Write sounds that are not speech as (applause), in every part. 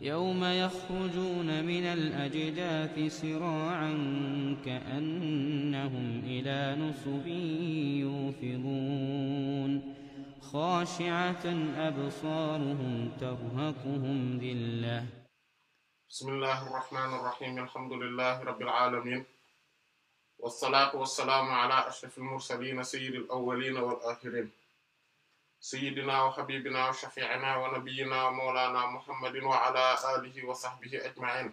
يوم يخرجون من الأجداث سراعا كأنهم إلى نصب يوفضون خاشعة أبصارهم ترهقهم ذلة بسم الله الرحمن الرحيم الحمد لله رب العالمين والصلاة والسلام على أشرف المرسلين سيد الأولين والآخرين sayidina wa xabibina wa shafi'ina wa nabiyina wa mawlana muhammadin wa ala alihi wa sahbihi ajma'in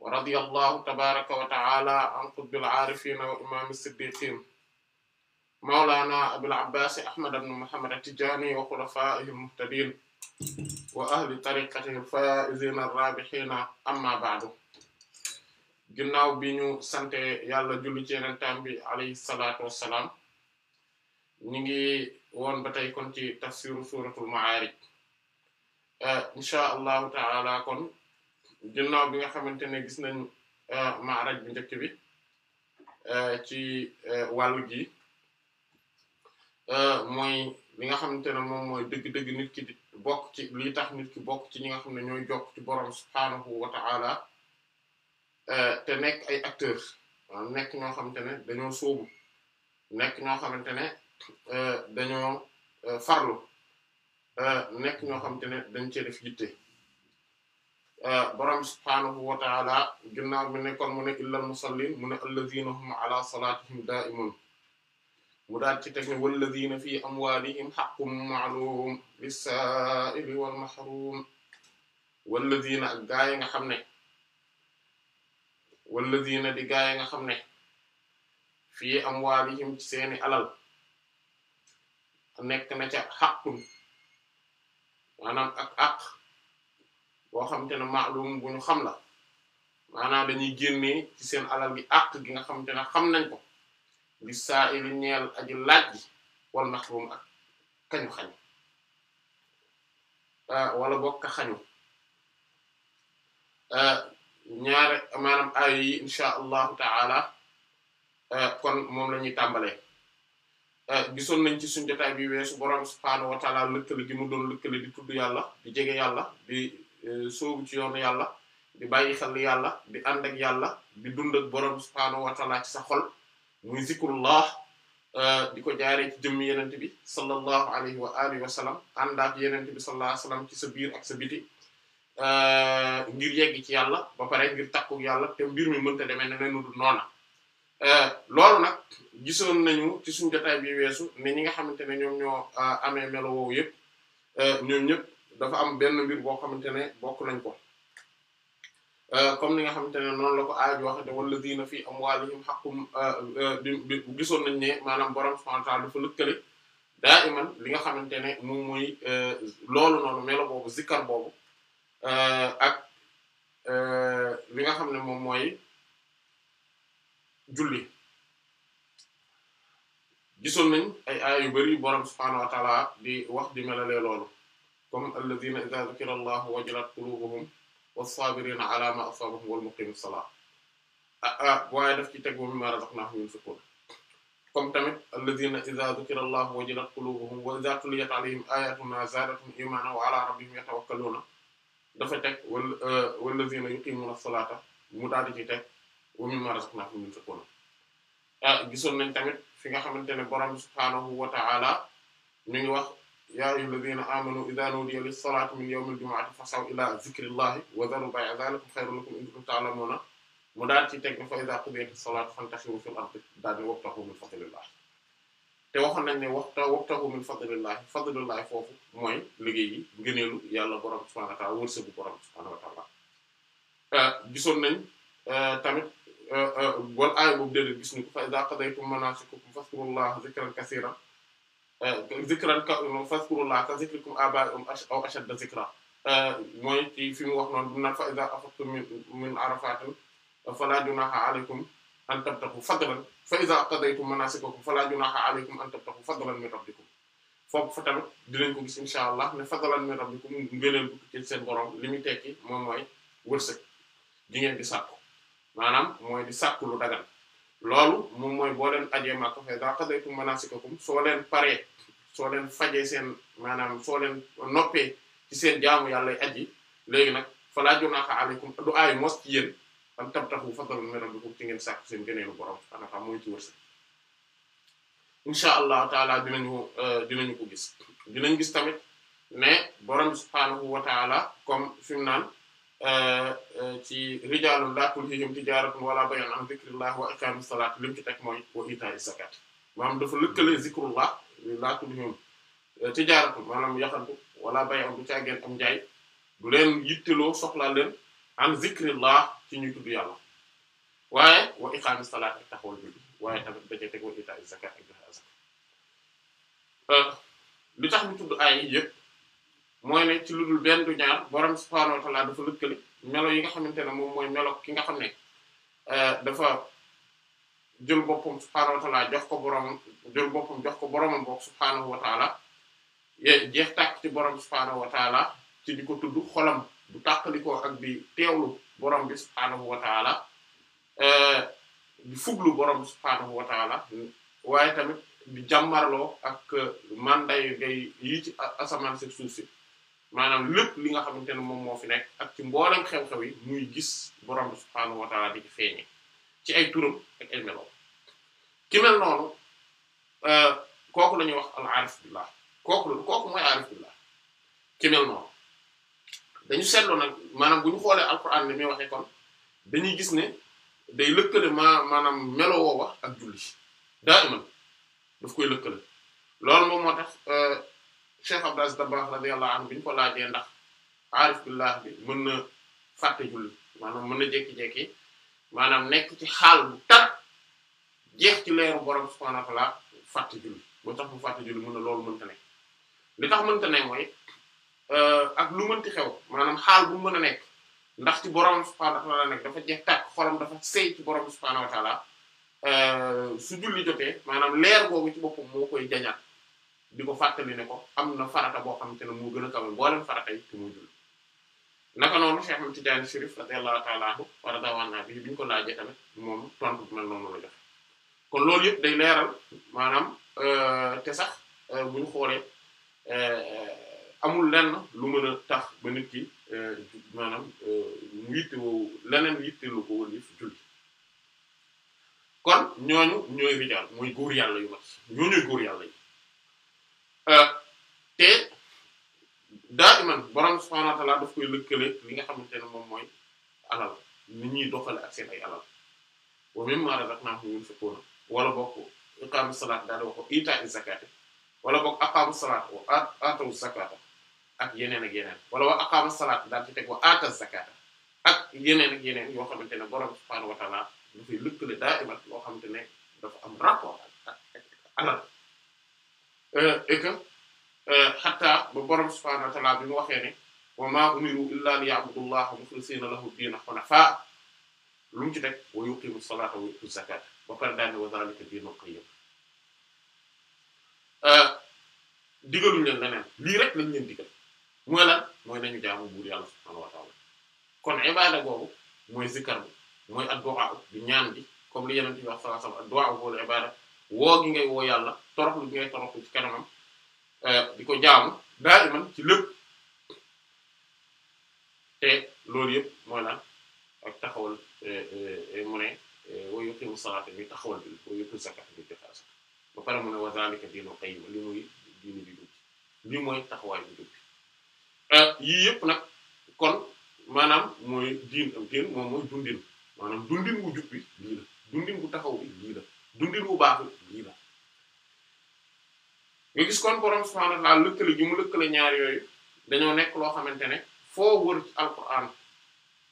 wa radiyallahu tabaraka wa ta'ala an qutbil aarifina wa imam siddiqin mawlana abil abbas ahmad ibn muhammad at-tijani wa khulafa'ihil muhtadin wa ahli tariqatihil faa'izina ar-raabihina amma ba'du ginnaaw bi ñu sante yàlla julli ci yenentaan bi alayhi salatu wassalaam ñu ngi won ba tey kon ci tafsiru suratul ma'arij eh, insha allahu taala kon ginnaaw bi nga xamante ne gis nañ eh, ma'arij bi njëkk bi eh, ci wàll gi mooy li nga xamante ne moom mooy dëgg-dëgg nit ki bokk ci lii tax nit ki bokk ci ñi nga xam ne ñooy jokk ci borom subhaanahu wa ta'ala te nekk ay acteurs nekk ñoo xamante ne dañoo sóobu nekk ñoo xamante ne Euh, dañoo euh, farlu euh, nekk ñoo xam te ne dañ cee def yitte borom subhaanahu wa ta'ala ginnaaw bi nekkoon mu ne illal musallin mu ne alladhina hum ala mu daal ci teg ne walladhina fi amwalihim haqqun ma'lum lis-sa'ili wal mahrum walladhina ak gaa yi nga xam ne walladhina di gaa yi nga xam ne fii amwalihim ci seeni alal nekk na ci ak xàqun maanaam ak àq boo xamante ne maalum bu ñu xam la maanaam dañuy génnee ci seen alal gi àq gi nga xamante ne xam nañ ko li saa ili ñeel aji laaj ji wal maxrum ak kañu xañ ah, wala boog ka xañu ah, ñaare maanaam ay yi insha allahu taala ah, kon moom la ñuy tàmbalee Euh, gisoon nañ ci suñu jotaay bi weesu borom subhaanahu wa taala lëkkale gi mu doon lëkkale di tudd yàlla di jege yàlla di euh, soobu ci yoonu yàlla di bàyyi xel yàlla di ànd ak yàlla di dund ak borom subhaanahu wa ci sa xol mu muy zikrullah euh, di ko jaaree ci jëmm yenent bi sallallahu alayhi wa alihi ànd ak yenent bi ci sa biir ak sa biti ngir yegg ci yàlla ba pare ngir takku yàlla te mbir mi mënta demee ne leen du noona Euh, loolu nag gisoon nañu ci suñu jotaay bi weesu ne ñi nga xamante ne ñoom ñoo euh, amee melo woowu yëpp euh, ñoom ñëpp dafa am benn mbir boo xamante ne bokk nañ ko comme ni nga xamante ne noonu la ko aaj wax te walladina fi amwalihim haqqum gisoon nañ ne maanaam borom subhanahu wa ta'ala dafa lëkkale daa li nga xamante ne moom mooy loolu noonu melo boobu zikkar boobu ak li nga xam ne moom mooy julli gisoon nañ ay yu bari borom subhaanahu wa taala di wax di melalee loolu comme alladhina idha dhukira allahu wajilat qulubuhum was-sabirina ala ma wal muqimi s-salat ah, ah waaye daf ci teg wa mimma razaqnahum yunfiqun comme tamit alladhina idha dhukira allahu wajilat qulubuhum wa idha ayatuna zadatuhum imana wa ala rabbihim yatawakkaluna dafa teg wal ah, walladhina yuqimuna s mu daal ci teg wo wa mimmaa razaqnaahum yunfiquun gisoon nañ tamit fi nga xamante ne borom subhaanahu wa ta'ala mi ngi wax yaa ayyuha alladhiina aamanu idhaa nuudiya lis-salaati min yawmil jumu'ati fas'aw ilaa dhikrillaahi wa dharuu bay'a dhaalikum ci teg fa idhaa qudiyatis salaatu fantashiru fil ardi daal di wabtaghuu min fadlillah ne waxta wabtaghu min fadlillah fadlillah foofu mooy liggéey yi ngëneelu yàlla borom subhaanahu wa ta'aala wërsëgu borom ah, nañ ah, tamit. Euh, euh, wala aaya boobu déedéet gis ñu fa iza qadaytum manasikakum fazkurullaha zikran kasiran euh, zikran fazkurullaha ka zikrikum zikra mooy fi mu wax noonu dina fa iza afaqtum min arafatin fala junaha alaykum an tabtahu fadlan fa iza qadaytum manasikakum fala junaha alaykum an tabtahu fadlan min rabbikum foofu fa tamit dinañ ko gis incha allah ne fadlan min rabbikum ngëneel bu ci borom li muy tekki moom mooy wërsëg di ngeen maanaam mooy di sàkku lu dagan loolu moom mooy boo leen ajee Makka fa iza qadaytum manasikakum soo leen paree soo leen fajee seen maanaam soo leen noppee ci seen jaamu yàlla aj yi léegi nag falaa junaaha alaykum du ay mos ci yéen am tabtahu fadlan min rabbikum ci ngeen sàkku seen gëneelu borom xanaa xam mooy ci wërsëg incha allah taala dinañu euh, dinañu ko gis dinañ gis tamit ne borom subhaanahu wa taala comme fi mu naan Euh, euh, ci rijaalun laa tulhiihim tijaaratun wala bay'un an zikrillah wa iqaamis salaat li mu ci teg mooy wa iitaa'i zakaat maanaam dafa lëkkale zikrullah laa tulhiihim euh, tijaaratun maanaam yaxantu wala bay'un bu caageen am njaay du leen yitteloo soxlaa leen an zikrillah ci ñuy tudd yàlla waaye wa iqaamis salaat ak taxawal julli waaye tamit dajee teg wa tax ñu tudd ay yëpp. mooy ne ci lu dul benn du ñaar borom subhaanahu wa ta'aala dafa lëkkale melo yi nga xamante ne moom mooy melo ki nga xam ne euh, dafa jël boppam subhaanahu wa jox ko boromam jël boppam jox ko boromam boog subhaanahu ci borom subhaanahu wa ta'aala di ko tudd xolam ak di teewlu borom bi fuglu borom bi subhaanahu euh, waaye tamit di jàmmarloo ak manday gay yi ci asamaan si suuf si maanaam lépp li nga xamante ne moom moo fi nekk ak ci mboolem xew-xew yi muy gis borom bi subhaanahu wa taala di ci ci ay turam ak ay meloom ki noonu euh, kooku la ñuy wax al aarif billah kooku kooku mooy aarif billah ki noonu dañu seetloo nag maanaam bu ñu xoolee alquran ni muy waxee kon dañuy gis ne day lëkkale ma maanaam melo wax ak julli daa iman daf koy lëkkale loolu moom moo tax euh, Cheikh Abdou Aziz Dabakh radiyallahu anhu bi ñu ko laajee ndax aarif billah bi mën na fàtte julli maanaam mën na jékki-jékki maanaam nekk ci xaal bu tar jeex ci leeru borom subhaanahu wa ta'ala fàtte julli tax mu fàtte julli mën na loolu mënta ne li tax mënta ne mooy euh, ak lu mën mënti xew maanaam xaal bu mën a nekk ndax ci borom subhaanahu wa ta'ala nekk dafa jeex tàkk xolam dafa sey ci borom subhaanahu wa ta'ala euh, su julli jotee maanaam leer googu ci boppam moo koy jañaat di ko fàttali ne ko am na farata boo xamante ne moo gën a kawe mboolem farata yi te muy julli naka noonu Cheikh Ahmad Tidiane Chérif radiyallahu ta'ala anhu wa radiyallahu bi ñu ko laajee tamit moom tontu bi mel noonu la joxe kon loolu yëpp day leeral maanaam euh, te sax euh, bu ñu xoolee euh, amul lenn lu mën a tax ba nit ki maanaam mu yittewoo leneen yitteelu ko wala julli kon ñooñu ñooy rijaal mooy góor yàlla yu mag ñooñuy góor yàlla yi. Euh, te daa iman borom subhanahu wa ta'ala daf koy lëkkale li nga xamante ne moom mooy alal ni ñuy doxale ak seen ay alal wa mimma razaqnahum yunfiquna wala bokk iqamu salat wala bokk aqamu salat wa atawu zakata ak yeneen ak yeneen wala wa aqamu salat daal ci teg wa ata zakata ak yeneen ak yeneen yoo xamante ne borom subhanahu wa ta'ala dafay lëkkale daa loo xamante ne dafa am rapport ak alal Euh, et que xataa euh, ba borom subhaanahu wa ta'aala bi mu waxee ne wa maa umiru illaa liya'budullaha muxlisiina lahu diina xunafaa lu mu ci teg wa yuqiimu salaata wa yu'tu zakaata ba pare daal ne wa zaalika diinul qayyim euh, lii rek lañ leen digal mooy lan mooy nañu jaamu buur yàlla subhaanahu wa ta'aala kon ibaada googu mooy zikkar bi mooy addu'a bi ñaan bi comme li yeneen ci wax sallallahu alayhi wa sallam ibaada woo gi ngay woo yàlla toroxlu gi ngay toroxlu ci kanamam euh, di ko jaamu daaliman ci lépp te loolu yëpp mooy lan ak taxawal euh, euh, mu ne wa yuqimu salaata bi taxawal bi wa yutu zakata bi joxe wa li bi mooy taxawaay bi dugg yii yëpp nag kon maanaam mooy diin ak diin moom mooy dundin maanaam dundin wu jub bi dundin bu taxaw bi lii dundin wu baax lii la nga gis ñaar yooyu dañoo nekk loo xamante ne foo wër ci alquran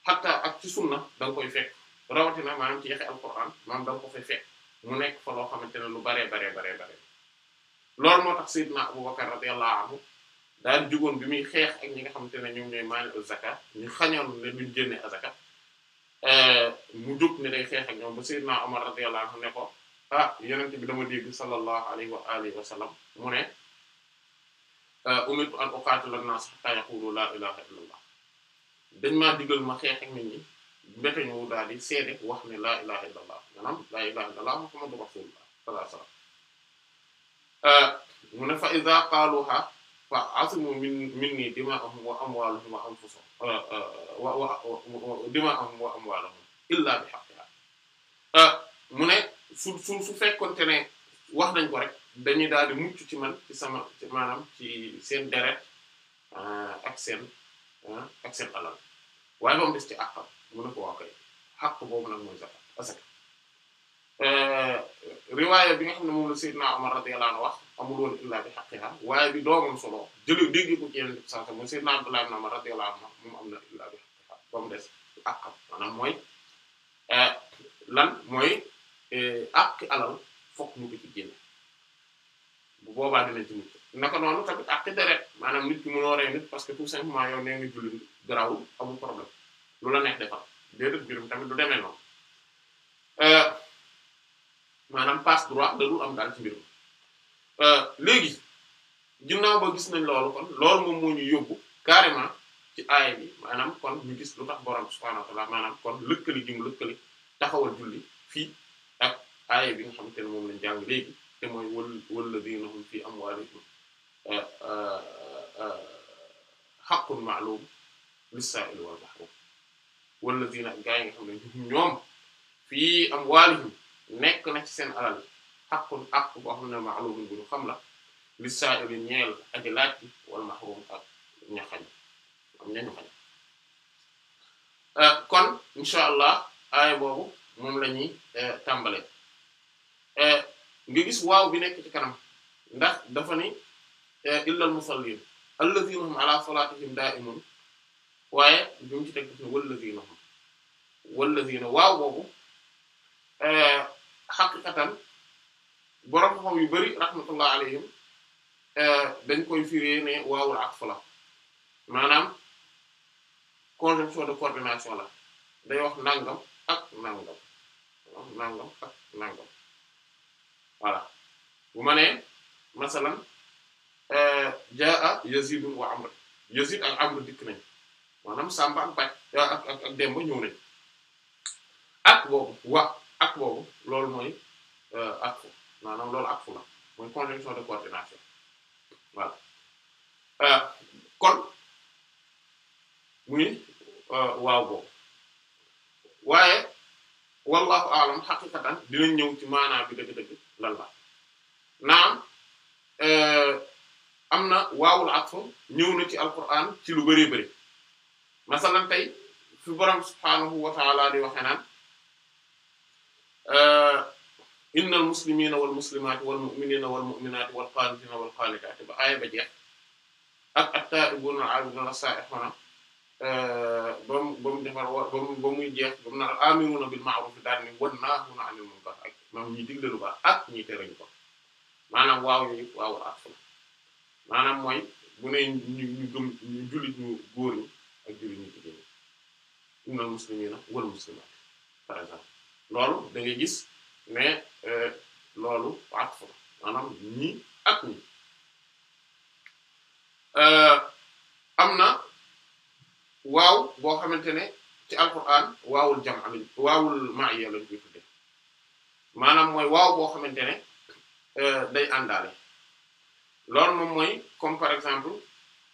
hatta ak ci sunna da nga koy fekk rawatina maanaam ci yaxe alquran maanaam da nga ko fay mu nekk fa loo xamante ne lu baree baree bare baree loolu moo tax Seydina Abubakar radiyallahu anhu daal jugoon bi xeex ak ñi nga xamante ne ñoom ñooy maani azaka ñu xañoon ne duñ génne azaka euh, mu jóg ne day xeex ak ñoom ba Seydina Omar radiyallahu anhu ne ko ah yenente bi dama dégg sallallahu alayhi wa alihi wa sallam mu ne euh, umirtu an uqatila an-nas hatta yaqulu la ilaha illa allah dañ maa digal ma xeex ak nit ñi mbete ñu daal di seede wax ne la ilaha illa allah maanaam la ilaha illa allah muhammadu rasulullah sallallahu alayhi wa sallam euh, mu ne fa iza qaaluha fa asimu min minni dima'ahum wa amwaluhum wa anfusuhum euh, wa wa dima'ahum wa amwaluhum illa bi haqqiha mu ne su su su fekkonte ne wax nañ ko rek dañuy daal di mucc ci man ci sama ci maanaam ci seen deret ah, ak seen ah, ak seen alal waaye moom des ci àqam mu ne ko waa kay àq boobu nag mooy zakat asaka eh, bi nga xam ne moom la Seydina Omar radiyallahu anhu wax amul woon illa bi haqqiha waaye bi doomam solo jële dégg ko ci yeneen saa mooy Seydina Abdullah ibn Omar radiyallahu anhu moom am na illa bi haqqiha ba mu des àqam mooy eh, lan mooy àq eh, ah, alal fokk ñu ko ci génne bu boobaa dina ci mucc naka noonu tamit àq deret maanaam nit ki mënoo rey nit parce que tout simplement yow nee nga jullit garawul amul problème lu la neex defal déedéet juróom tamit du demee noonu euh, maanaam passe droit dadul am daal ci mbirum euh, léegi ginnaaw ba gis nañ loolu kon loolu moom moo ñu yóbbu carrément ci aaya bi maanaam kon ñu gis lu tax borom subhanahu wa ta'ala maanaam kon lëkkali gi mu lëkkali taxawal julli fii aaya bi nga xamante ne moom lañ jàng léegi te mooy wal walladina hum fi amwalihim euh, euh, euh, haqqun ma'lum lis-sa'il wal mahrum walladina gaa yi nga xam ne ñoom fi amwalihim nekk na ci seen alal haqqun haqq boo xam ne ma'lum bu ñu xam la lis-sa'il ñeel aji laaj bi wal mahrum ak ña xañ am ñañu xañ kon incha allah aaya boobu moom la ñuy tàmbalee Eh, nga gis waaw bi nekk ci kanam ndax dafa ni eh, illal musallin alladhina hum ala salatihim waaye bi mu ci teg daf ne walladhina hum walladhina waaw boobu eh, xaqiqatan borom xam yu bari rahmatullah alayhim dañ koy firé ne waawul ak fala maanaam conjonction de coordination la day wax nangam ak nangam nangam ak nangam voilà bu ma nee masalan euh, jaa Yazidun wa Amr Yazid ak Amr dikk nañ maanaam Samba ak Bac ak ak ak ñëw nañ ak boobu wa ak boobu loolu mooy euh, ak fu maanaam loolu ak fu la mooy conjonction de coordination voilà euh, kon muy waaw boobu waaye wallahu a'lam xaqiqatan dinañ ñëw ci maanaa bi dëgg-dëgg lan la naam euh, am na waawul atfu ñëw na ci alquran ci lu bëree bëri masalan tey fi borom subhaanahu wa ta'ala di waxe naan euh, innal muslimina wal muslimaati wal mu'minina wal mu'minaati wal qaanitina wal qaanitaati ba aaya ba jeex ak at-taa'ibuuna al-'aabiduuna as-saa'ihuuna euh, ba mu ba mu defar ba mu ba muy jeex ba mu naan al-aamiruuna bil ma'ruufi daal ni wan naahuuna 'anil munkar maanaam ñi digle lu baax ah, ñi tere ñu ko maanaam waaw ñu ah, mooy bu ne ñu ñu gëm ñu jullit ñu góor ñi ak ñi innal muslimina wal par exemple loolu da gis ne euh, loolu ak fa maanaam ñi ak ñi euh, am na waaw boo xamante ne ci alquran waawul jam waawul ma'iya lañ maanaam mooy waaw boo xamante ne euh, day àndaale loolu moom mooy comme par exemple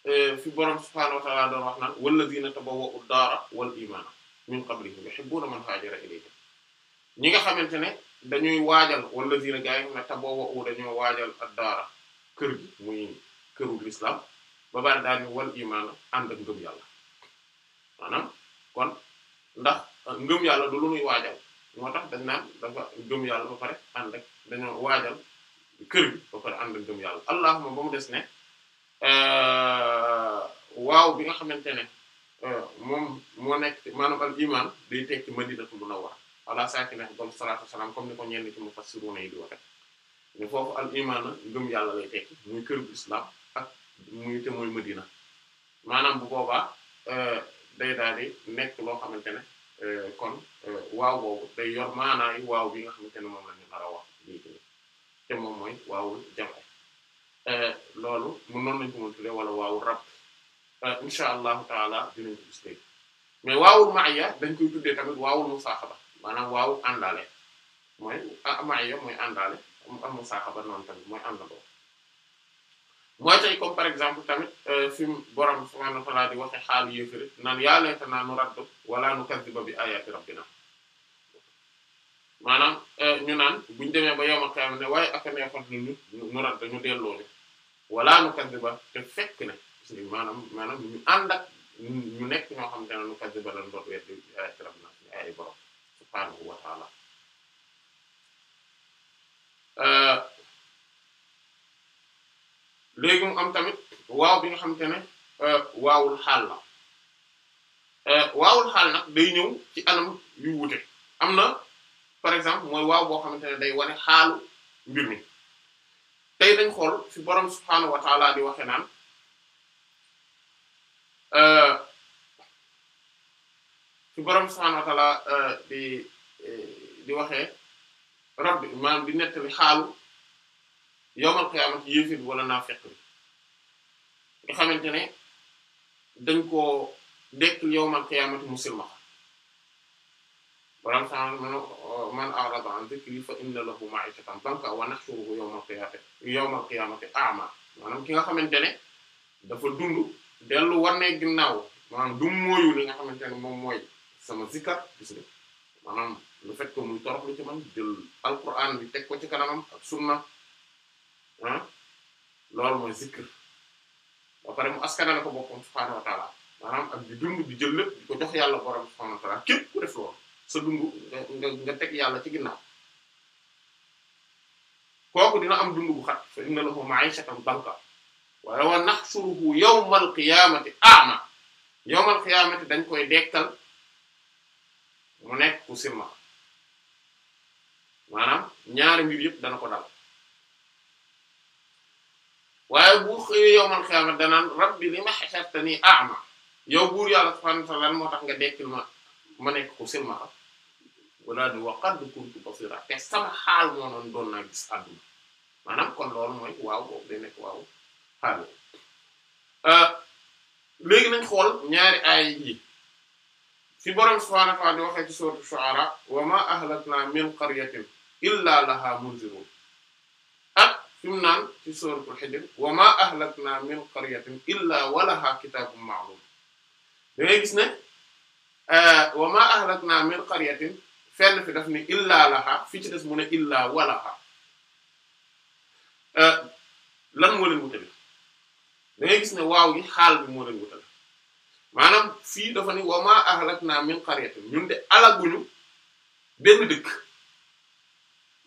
euh, fi borom subhaanahu wa ta'aala doon wax naan wallaziina tabawwa'u daara wal iimaana min qablihim yuhibbuuna man haajara ilayhim ñi nga xamante ne dañuy waajal wallaziina gaa yi ne tabawwa'u dañoo waajal ad-daara kër gi muy këru l'islam ba bari daal ni wal iimaana ànd ak ngëm yàlla maanaam kon ndax ngëm yàlla du lu muy waajal. moo tax dañ naan dafa gëm yàlla ba pare ànd ak dañoo waajal kër gi ba pare ànd ak gëm yàlla allahuma ba mu des ne euh, waaw bi nga xamante ne euh, moom moo nekk maanaam al iman day tekki madinatul munawwara ala saakinihaa doon salaatu wasalaam comme ni ko ñenn ci mufassiruuna yi di waxe ne foofu al iman na gëm yàlla lay tekki muy kër bu islam ak muy te mooy madina maanaam bu boobaa euh, day daal di nekk loo xamante ne Euh, kon euh, waaw boobu day yor maanaay waaw bi nga xamante ne moom la ñu nar a wax lii te moom mooy waawul jame euh, loolu mun noonu lañu ko mën tuddee wala waawul rab insha allahu taala dinañ ko gis léegi mais waawul maaya dañ koy tuddee tamit waawul musaaxaba maanaam waawul àndaale mooy ah, maaya mooy àndaale am musaaxaba noonu tamit mooy loo mooy tey comme par exemple tamit euh, fi mu borom subhaanahu wa ta'aala di waxe xaalu yéefari naan yaa laytanaa nuraddu wala nukazziba bi aayaati rabbinaa maanaam euh, ñu naan buñu demee ba yawmal qiyaama ne waaye ak a neexoon ñu ñu radd ñu delloo ne wala nukazziba te fekk ne maanaam maanaam ñu ànd ñu nekk ñoo xam te ne nukazziba lan doon weddi bi aayaati rabbinaa ñu ay borom subhaanahu wa ta'aala euh, léegi mu am tamit waaw bi nga xamante ne euh, waawul xaal la euh, waawul xaal nag day ñëw ci anam yu wute am na par exemple mooy waaw boo xamante ne day wane xaalu mbir mi tey dañ xool fi borom subhaanahu wa di waxe naan fi borom subhaanahu wa taala di euh, di waxee rabbi maanaam di nettali xaalu yowmal qiyaamati yéefir bi wala naafeq bi nga xamante ne dañ koo dekk yowmal qiyaamati musulma borom sa man a'rada an dhikri fa inna lahu ma'ishatan dankan wa nahshuruhu yowmal qiyaamati yowmal qiyaamati a'ma maanaam ki nga xamante ne dafa dund dellu wane ginnaaw maanaam du mooyu li nga xamante ne moom mooy sama zikkar gis nga maanaam lu fekk ko muy torox lu ci man jël alquran bi teg ko ci kanamam ak sunna ah loolu mooy zikr ba pare mu askanale ko boppam subhaanahu wa ta'ala maanaam ak di dund di jël lépp di ko jox yàlla borom subhaanahu wa ta'ala képp ku def loolu sa dund nga nga teg yàlla ci ginnaaw kooku dina am dund bu xat fa inna lahu ma'ishatan danka waaye wa nahshuruhu yawmal qiyaamati a'ma yawmal qiyaamati dañ koy dekkal mu nekk ku sirma maanaam ñaari mbir yëpp dana ko dal waaye bu xëyee yowmal xiyaama danaan rabbi lima hashartani a'ma yow buur yàlla subhaanahu wa ta'aala moo tax nga dekkil ma ma nekk ku silmaxa wala du wa qad kuntu basira te sama xaal moo noon doon naa gis àdduna maanaam kon loolu mooy waaw boobu day waaw xaal euh, léegi nañ xool ñaari aay fi borom subhaanahu wa di waxee ci sourate Shu'ara wa ma ahlakna min qaryatin illa laha munzirun fi mu naan ci suratul Hijr wa ma ahlakna min qaryatin illa euh, wa ma ahlakna min qaryatin euh, gis ne waaw gi xaal bi moo leen wutale maanaam fii dafa ni wa ma ahlakna min qaryatin ñun de alaguñu benn dëkk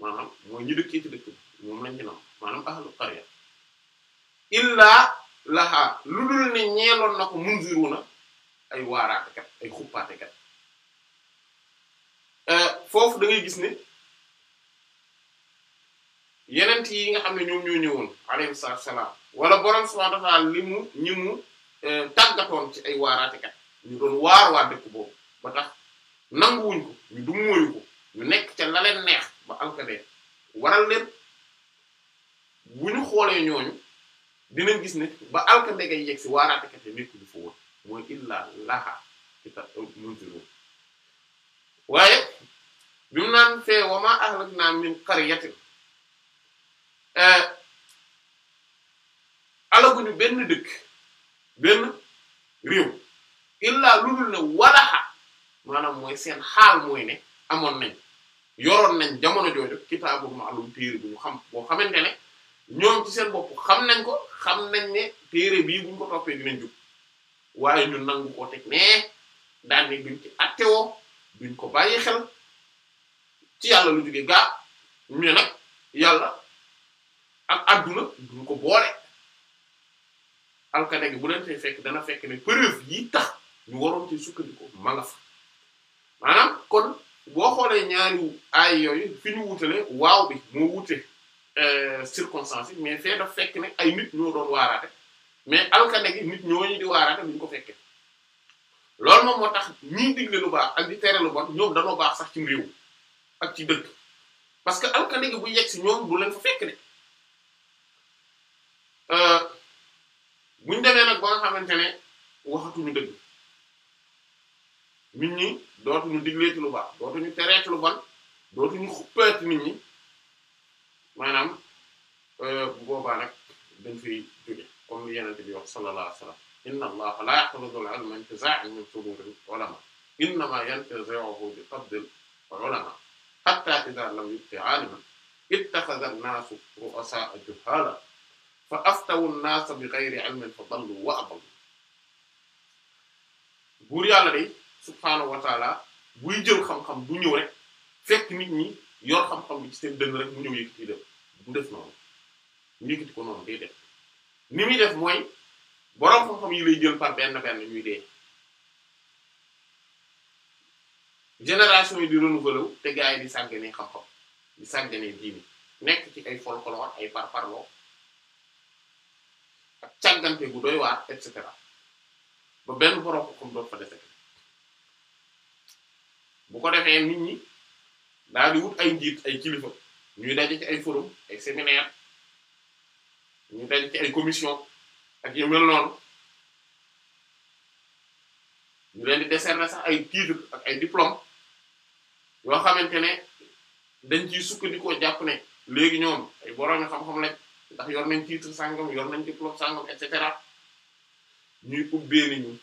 maanaam mooy ñu dëkkee ci dëkk bi moom lañ ci nam maanaam ahlul qarya illaa lahaa lu dul ne ñeeloon na ko munziruna ay waaraatekat ay xuppaatekat euh, foofu dagay gis ne yenen yi nga xam ne ñoom ñoo ñëwoon alayhi salaam wala borom subhaanahu wa ta'aala li mu ñi mu euh, tàggatoon ci ay waaraatekat ñu doon waar waa dëkk boobu ba tax nanguwuñ ko ñu dumóoyu ko ñu nekk ca laleen neex ba alkadee waral leen bu ñu xoolee ñooñu dinañ gis ne ba alkande ngay yegg si waaraatekat yi nekk du fa woon mooy illa laha kita munzirun waaye bi mu naan fee wa ma ahlakna min eh, benn dëkk benn réew illa lu dul ne walaxa maanaam mooy seen xaal mooy ne amoon nañ yoroon nañ jamono jooju kitaabu ma'lum téere bu ñu xam boo xamante ne ñoom ci seen bopp xam nañ ko xam nañ ne téere bii buñ ko toppee dinañ jub waaye ñu nangu koo teg ne daan ne duñ ci attewoo duñ ko bàyyi xel ci yàlla lu jóge gaa ñu nag yàlla ak adduna duñ ko boole alkade gi bu leen fay fekk dana fekk ne preuve yi tax ñu waroon ci sukkandiku ma maanaam kon boo xoolee ñaari ay yooyu fi ñu wutale waaw bi moo wute Euh, circonstances yi mais fee daf fekk ne ay nit ñoo doon waaraate mais alkane gi nit ñooñu di waaraate bu ñu ko fekkee loolu moom moo tax ñii digle lu baax ak di tere lu bon ñoom danoo baax sax ci réew ak ci dëkk parce que alkane gi bu yegg si ñoom du leen fa fekk ne euh, buñ demee nag ba nga xamante ne waxatuñu dëgg nit ñi dootuñu digleeti lu baax dootuñu tereeti lu bon dootuñu xuppeeti nit ñi maanaam euh, bu boobaa nag dañ fiy jóge comme li yenente bi wax sallallahu alayhi wa sallam inna allaha la yaqbidul ilma intiza'an min suduuril ulama innama yantazi'uhu bi qabdil ulama hatta idha lam yubqi 'aliman ittakhadha an-naasu ru'asa'a juhala fa aftawu an-naasa bi ghayri 'ilmin fa dallu wa adallu buur yàlla day subhaanahu wa taala buy jël xam-xam du ñëw rek fekk nit ñi yor xam-xam bi ci seen dënn rek mu ñëw yëkkati dem mu def noonu ñu ko noonu day def ni muy def mooy borom xam-xam yi lay jël par benn benn ñuy dee génération yi di renouvelé wu te gars di sàggane xam-xam di sàggane diini nekk ci ay folklore ay parparloo ak càggante gu doy waar et cetera ba benn borom xam-xam doot fa defee bu ko defee nit ñi daal di wut ay njiit ay kilifa. ñuy daje ci ay forum ay séminaire ñu daje ci ay commission ak yu mel noonu ñu leen di décerner sax ay titre ay diplôme yoo xamante ne dañ ciy sukkandikoo jàpp ne léegi ñoom ay boroomi xam-xam lañ ndax yor nañ titre sangam yor nañ diplôme sangam et cetera ñuy ubbee ni ñi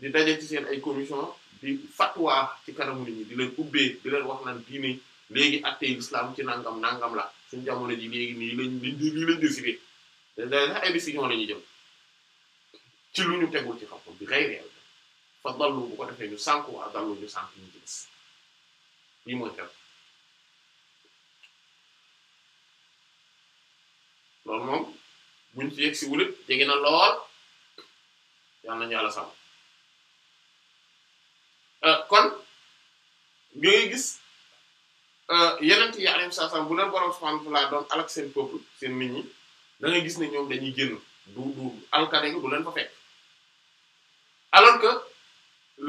di daje ci seen ay commission di fatwa ci kanamu nit ñi di leen ubbee di leen wax naan diine léegi attey l'islam ci nangam nangam la suñu jamono ji léegi nii lañ lii lañ décidé dañ ay décision la ñuy jël ci lu ñu tegul ci xam-xam bi xëy réel fa dallu bu ko defee ñu sànku waa dallu ñu sànk ñu ci des mooy xew loolu moom buñ ci yegg si wulit jege na lool yal nañu yàlla sàmm euh, kon nga gis Euh, yenent yi alayhi saa bu leen borom subhaanahu wa ta'aala doon alak seen peuple seen nit ñi da gis ne ñoom dañuy génn du du alkade du leen fa fekk alors que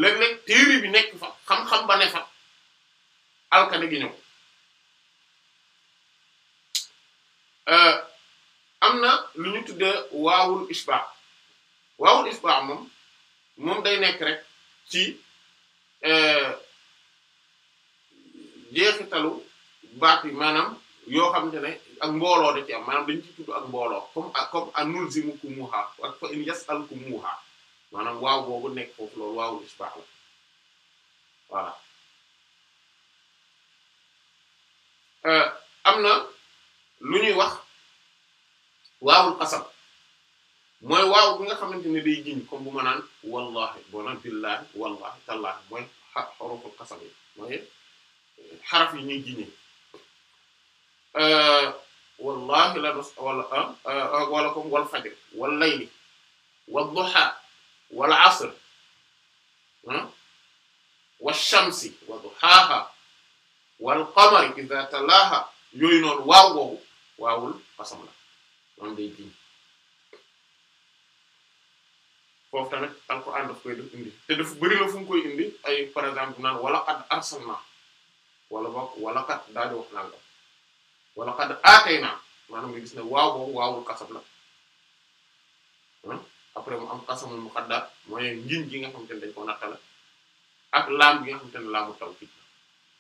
léeg-léeg téere bi nekk fa xam-xam ba ne fa alkade gi ñëw euh, am na lu ñu tuddee waawul isba waawul isba moom moom day nekk rek ci. Euh, jeexitalu baat yi maanaam yoo xamante ne ak mbooloo da ci am maanaam dañ ci tudd ak mbooloo comme ak comme anulzimukumuha ak fa in yas'alkumuha maanaam waaw boobu nekk foofu loolu waawul isbaax la euh, am na lu ñuy wax waawul qasam mooy waaw bi nga xamante ne day jiñ comme bu ma naan wallahi boo naan billahi wallahi tallahi mooy xaruful qasam yi xaraf yi ñuy giññi euh, wallahi la nas wala ah, ah, wala comme wal fajr wal layli wal duha wal asr ah, wal shamsi wa duhaha wal qamari idha talaha yooyu noonu waaw googu waawul xasam la noonu day giñ foofu tamit alquran daf koy def indi te dafa bëri la fu mu koy indi ay par exemple naan wala qad arsalna wala boog wala kat daal di wax naan la wala kat aatay naa maanaam nga gis ne waaw boobu waawul kasab la hmm? après mu am qasamul muqaddar mooy ngiñ gi nga xamante ne dañ ko nattale ak laam gi nga xamante ne laamu tawkiid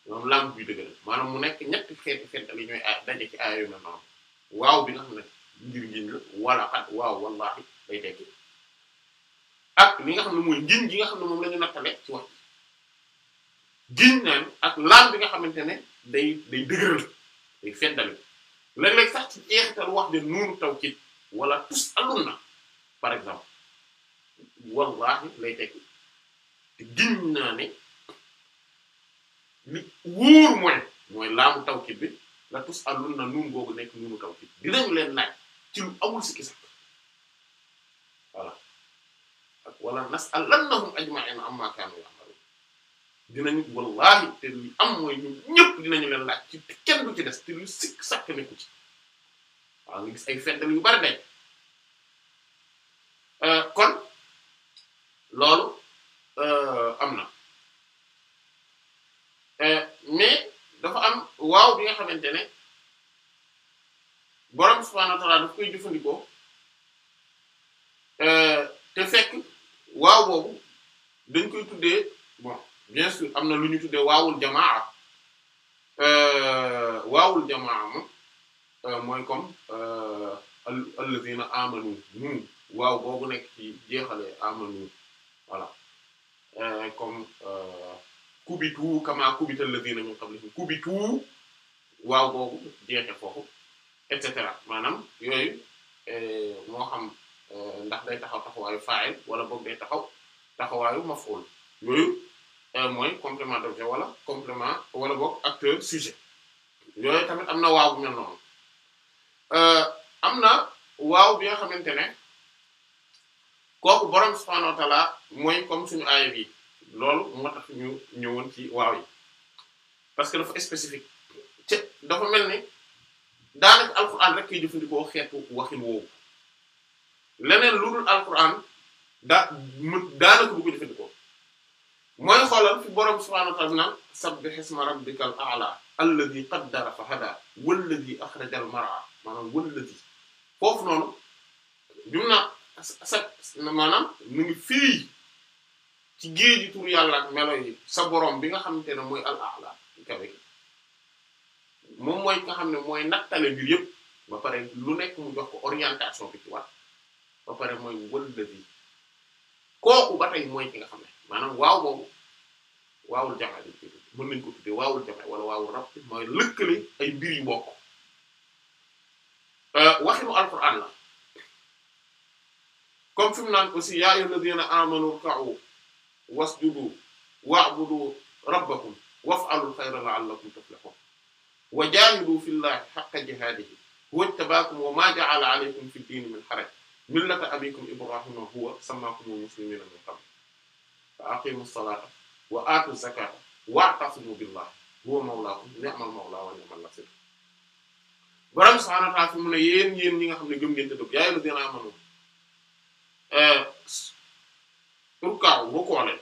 la moom maanaam mu nekk ñetti xeeti li ñooy daje ci aaya yu mel noonu waaw bi nga xam ne ngir ngiñ wala kat waaw wallaahi day tekki ak li nga xam ne mooy ngiñ gi nga xam ne moom la ñu nattale wax. giñ nañ ak laal bi nga xamante ne day day dëgëral day feddali léeg-léeg sax ci jeexital wax de nuunu taw ci wala tus na par exemple wallaahi lay tekki te giñ naa ne li wóor mooy mooy laamu taw ci bi la tus alun na nuun googu nekk nuunu taw ci dinañ leen laaj ci lu amul sikki sax voilà ak wala nas'alannahum ajma'in amma kaanu dinañ wallaahi te li am mooy ñun ñëpp dinañu leen laaj ci kenn du ci des te lu sikk sàkk nekku ci waaw nga gis ay feddal yu bari day euh, kon loolu euh, am na euh, mais dafa am waaw bi nga xamante ne borom subhaanahu wa ta'aala daf koy jëfandikoo te fekk waaw boobu dañ koy tuddee bon bien sûr am na lu ñu tuddee waawul jamaa euh, waawul jamaa moom euh, mooy comme euh, allazina amanu nun hmm, waaw boobu nekk ci jeexale amanu voilà comme kubitu kama kubita allazina min qablihim kubitu waaw boobu jeexe foofu et cetera maanaam yooyu moo xam ndax day taxaw taxawaayu fa'il wala boobu day taxaw taxawaayu maf'ul yooyu Euh, mooy complément d'objet wala complément wala boog acteur sujet yooyu tamit am na waaw bu mel euh, am na waaw bi nga xamante ne kooku borom subhaanahu wa ta'aala mooy comme suñu aaya bi loolu moo tax ñu ñëwoon ci waaw yi parce que dafa spécifique ci dafa mel ni daanaka alquran rek kiy jëfandikoo xeetu waxin woowu leneen lu dul alquran daa daanaka du ko jëfandikoo. mooy xoolal fi borom subhaanahu wa ta'aala naan sabbih isma rabbikal a'laa alladhi qaddara fa hadaa walladhi akhrajal mar'aa maanaam walladhi foofu noonu jum na sa maanaam mu ngi fii ci géeju tur yàlla sa boroom bi nga xamante ne mooy al a'laa moom mooy nga xam ne mooy nattale mbir yëpp ba pare lu nekk mu jox ko orientation bi ci war ba pare mooy walladhi kooku ba tey mooy nga xam ne. maanaam waaw boobu waawul jamaa dañ koy tuddee mën nañ ko tuddee waawul jamaa wala waawul rab mooy lëkkale ay mbir yu bokk euh, waxinu alquran la comme fi mu naan aussi yaa ayyuhal ladhina amanu rka'u wasjudu wa'budu rabbakum waf'alul khayra la'allakum tuflihun wa jahidu fillahi haqqa jihadihi huwa ijtabaakum wa ma ja'ala alaykum fid din min haraj millata abikum ibrahima huwa sammakumul muslimina min qabl aqimu salaata wa aatu zakaata wa'tasimu billahi huwa mawlaakum ni'mal mawlaa wa ni'mal nasiir borom subhaanahu wa ta'aala fi mu ne yéen yéen ñi nga xam ne gëm ngeen te dëgg yaa ayyuhallaziina aamanu eh, urkaaw rukkoo leen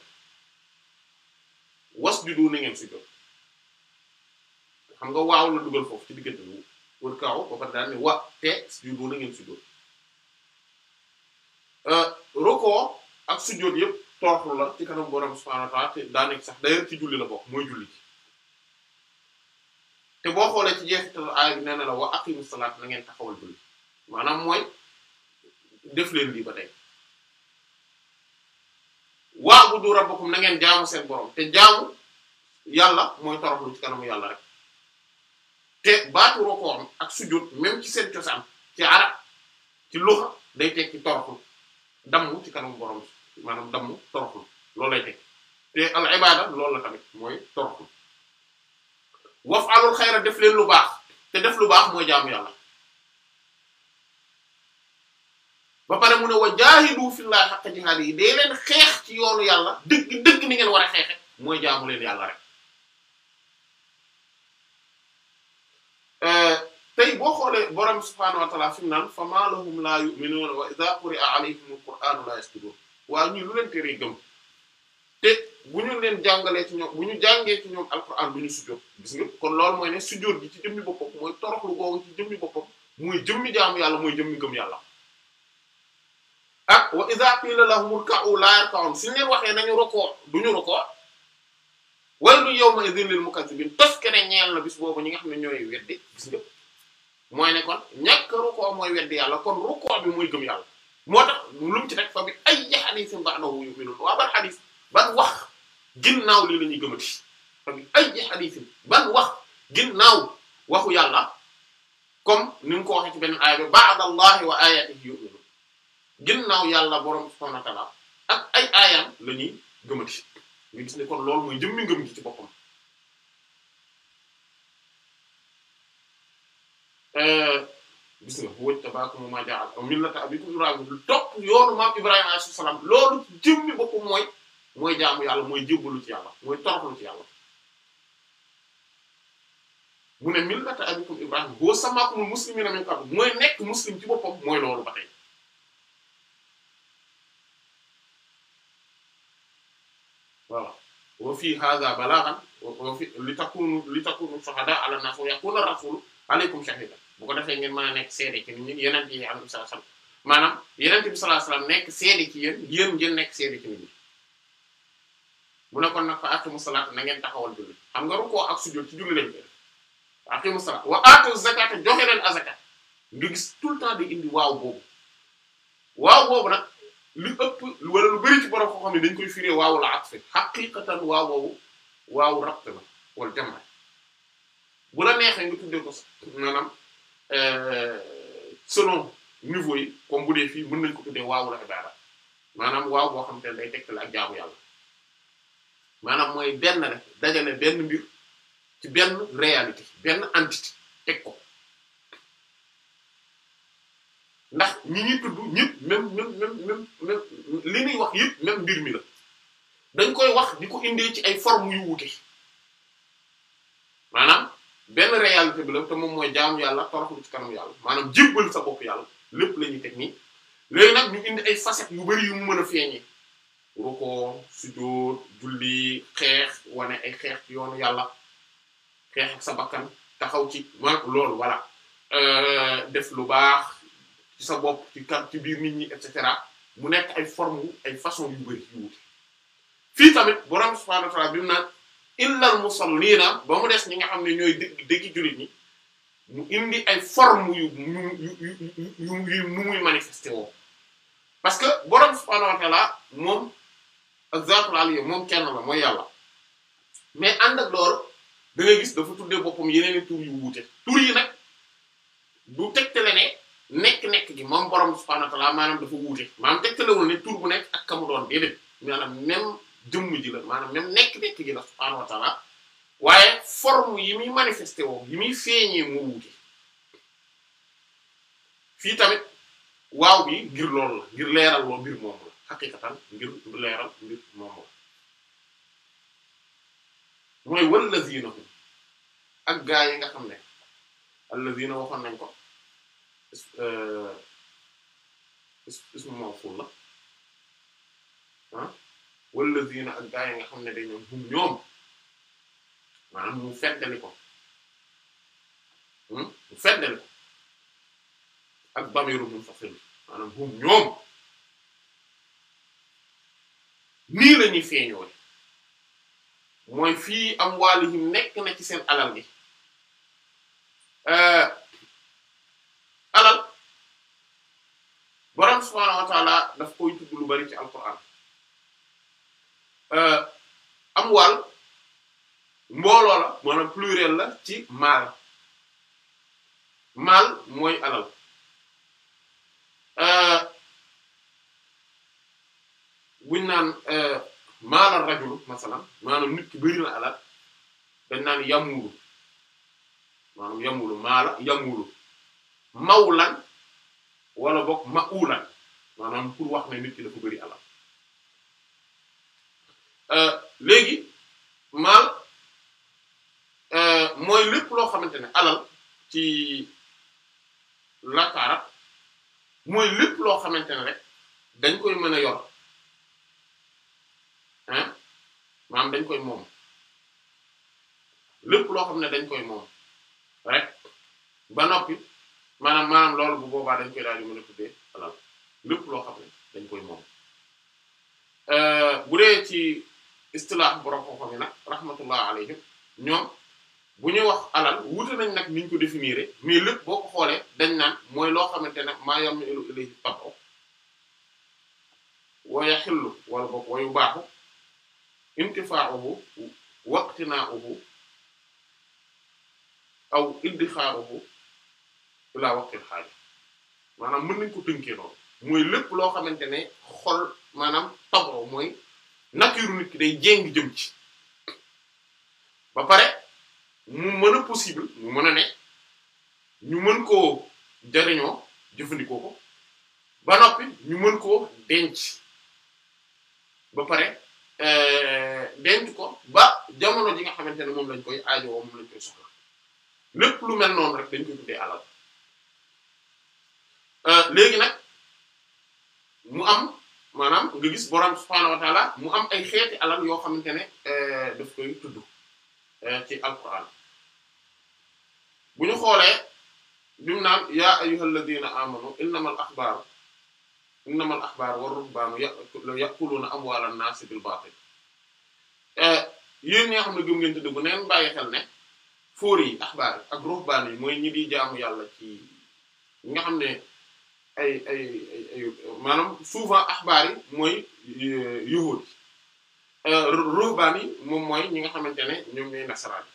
wasjudu na ngeen sujjóot xam nga waaw la dugal foofu ci diggante bi urkaaw ba pare daal ne wa te sujudu na ngeen sujjóot eh, ak sujjóot yépp tooxlu la ci kanam borom subhanahu daa nekk sax d'ailleurs ci julli la bokk mooy julli ci te boo xoolee ci jeexital aaya bi nee na la wa aqimu salaat na ngeen taxawal julli maanaam mooy def leen lii ba tey wa'budu rabbakum na ngeen jaamu seen borom te jaamu yàlla mooy toroxlu ci kanamu yàlla rek te baatu rokkoon ak sujjóot même ci seen cosaan ci arab ci luxa day tekki toroxlu damm ci kanamu borom maanaam damm toroxlu loolu lay teg te al ibada loolu la tamit mooy toroxlu waf alul xayra def leen lu baax te def lu baax mooy jaamu yàlla ba pare mu ne wa jaahidu fillahi haqqa jihaadi yi dee leen xeex ci yoonu yàlla dëgg dëgg ni ngeen war a xeexe mooy jaamu leen yàlla rek euh, tey boo xoolee borom subhaanahu wa ta'aala fi mu naan fa maa lahum laa yu'minuuna wa idhaa quri'a alayhimul qur'aanu laa yasjuduun waaye ñii lu leen teree gëm te bu ñu leen jàngalee ci ñoom bu ñu jàngee ci ñoom alxuraan bu ñu sujjóot gis nga kon lool mooy ne sujjóot gi ci jëmmi boppam mooy toroxlu googu ci jëmmi boppam mooy jëmmi jaamu yàlla mooy jëmmi gëm yàlla ah wa idha qila lahum urka'u la yarka'un suñ leen waxee nañu rokoo duñu rokoo waylun yawma idhin lil mukaththibin tos kene ñeel na bis boobu ñi nga xam ne ñooy weddi gis nga mooy ne kon ñàkk rukoo mooy weddi yàlla kon rukoo bi mooy gëm yàlla moo tax lu mu ci teg fa bi ay hadiisin ba'dahu wax ginnaaw lii la ñuy gëmati fa bi ay hadiisin ban wax ginnaaw waxu yàlla comme ni mu ko waxee ci benn aaya bi ba'da Allahi wa aayaatihi yu'minuun ginnaaw yàlla borom subhaanahu wa ta'aala ak ay aayam la ñuy gëmati nga gis kon loolu mooy jëmmi ngëm gi ci boppam. Euh, gis nga wëj tabaakum ma ja'al aw millata abikum Ibrahima lu topp yoonu maam Ibrahima alayhi salaam loolu jëmmi boppam mooy mooy jaamu yàlla mooy jébbalu ci yàlla mooy toroxlu ci yàlla. mu ne millata abikum Ibrahima boo samaakumul muslimina min qabl mooy nekk muslim ci mooy loolu ba tey. voilà wa fii hadha balaghan wa fi li takunu li takunu shuhada ala nas wa yakuna rasul alaykum shahida bu defee ngeen mën a nekk seede ci nit ñi yonent yi alayhimu salaam maanaam yonent bi sallallahu alayhi nekk seede ci yéen yéen ngeen nekk seede ci nit ñi bu nekkoon nag fa aqimu salaata na ngeen taxawal julli xam nga rukkoo ak sujjóot ci julli lañ koy def wa aatu zakata joxe leen nga gis tout le temps day indi waaw boobu waaw boobu nag lu ëpp wala lu bari ci borom koo xam ne dañ koy firé waawu la atfi xaqiqatan waaw boobu waawu rabt la wala jamaa bu la neexee nga tuddee ko sax maanaam. Euh, selon niveau yi comme bu dee fii mën nañ ko tuddee waawu la ibaada maanaam waaw boo xam te ne day tegtal ak jaamu yàlla maanaam mooy benn rek benn mbir ci benn benn entité teg ko ndax ñi ñuy tudd ñëpp même même même même li ñuy wax yëpp même mbir mi la dañ koy wax di ko indee ci ay formes yu wuute maanaam benn réalité bi la te moom mooy jaamu yàlla toroxlu ci kanam yàlla maanaam jébbal sa bopp yàlla lépp la ñuy teg nii léegi nag ñu indi ay facettes yu bari yu mu mën a feeñee ruko sujjóot julli xeex wane ay xeex ci yoonu yàlla xeex ak sa bakkan taxaw ci ma loolu voilà euh, def lu baax ci sa bopp ci kar ci biir nit ñi et cetera mu nekk ay forme ay façon yu bari fii tamit borom subhaanahu wa ta'aala bi naan illal naa ba mu des ñi nga xam ne ñooy dëgg dëggi jullit ñi mu indi ay forme yu yu yu nu muy manifesté parce que borom subhaanahu wa ta'aala moom exemple aliya moom kenn la mooy yàlla mais ànd ak loolu da gis dafa tuddee boppam yeneen tur yu wuute tur yi nag du tegtale ne nekk-nekk gi moom borom subhaanahu wa ta'aala maanaam dafa wuute maanaam tegtalewul ne tur nekk ak ka jëmm ji la maanaam même nekk-nekk ji la subhaanahu wa ta'ala waaye forme yi muy manifesté woo yi muy feeñee moo wuute fii tamit waaw bi ngir loolu la ngir leeral loo mbir moom la xaqiqatan ngir leeral mbir moom la mooy wallazina hum ak gaa yi nga xam ne allazina waxoon nañ ko euh, ismu mawsuul la ah. wala ziina ak gaa nga xam ne day hum ñoom maanaam mu feddali ko hmm? mu feddali ko ak bamiru munfasil maanaam hum ñoom nii la ñuy mooy fii am waalihim nekk na ci seen alal gi euh, alal borom subhaanahu wa daf koy tudd lu bari ci alquran Euh, am wàll mbooloo la maanaam pluriel la ci maal maal mooy alal buñ euh, naan euh, maalal rajulu masalan maanaam nit ki na alal dañ naan yamulu maanaam yamulu maala yamulu mawlan wala bokk ma'ulan maanaam pour wax ne nit ki dafa bari alal Euh, léegi maal euh, mooy lépp loo xamante ne alal ci làkku arab mooy lépp loo xamante ne rek dañ koy mën a yor ah maanaam dañ koy moom lépp loo xam ne dañ koy moom rek ba noppi maanaam maanaam loolu bu boobaa dañ koy daal di mën a tuddee alal lépp loo xam ne dañ koy moom euh, bu dee ci istilaax borom xam-xam yi nag rahmatullah alayhim ñoom bu ñu wax alal wuute nañ nag niñ ko définir mais lépp boo ko xoolee dañ naan mooy loo xamante ne maa yam ilu ilayhi tabu wa yaxillu wala boog wayu baaxu intifaa'uhu waqtinaa'uhu aw iddixaaruhu ila waqtil xaaja maanaam mën nañ ko tënkee noonu mooy lépp loo xamante ne xol maanaam biiru nit day jéng jëm ci ba pare mu mën a possible mu mën a ne ñu mën koo jariñoo jëfandikoo ko ba noppi ñu mën koo denc ba pare euh, denc ko ba jamono ji nga xamante ne moom lañ koy aajowoo moom lañ koy soxla lépp lu mel noonu rek dañ koy tuddee alal euh, léegi nag mu am maanaam nga gis borom subhaanahu wa mu am ay xeeti alal yoo xamante ne euh, def koy tudd euh, ci alquran bu ñu xoolee bi mu naan yaa ayyuhal ladina amanu innamal axbaaru innamal axbaaru war ruhbaanu yaquluuna amwaalan naasi bil baatil euh, yéen ñi nga xam ne gëm ngeen te dëggu neen bàyyi xel ne fóor yi axbaar ak ruhbaan yi mooy ñi di jaamu yàlla ci nga xam ne ay ay maanaam souvent axbaar yi mooy euh, yahuud euh, ruhbaan yi moom mooy ñi nga xamante ne ñoom ñooy nasaraan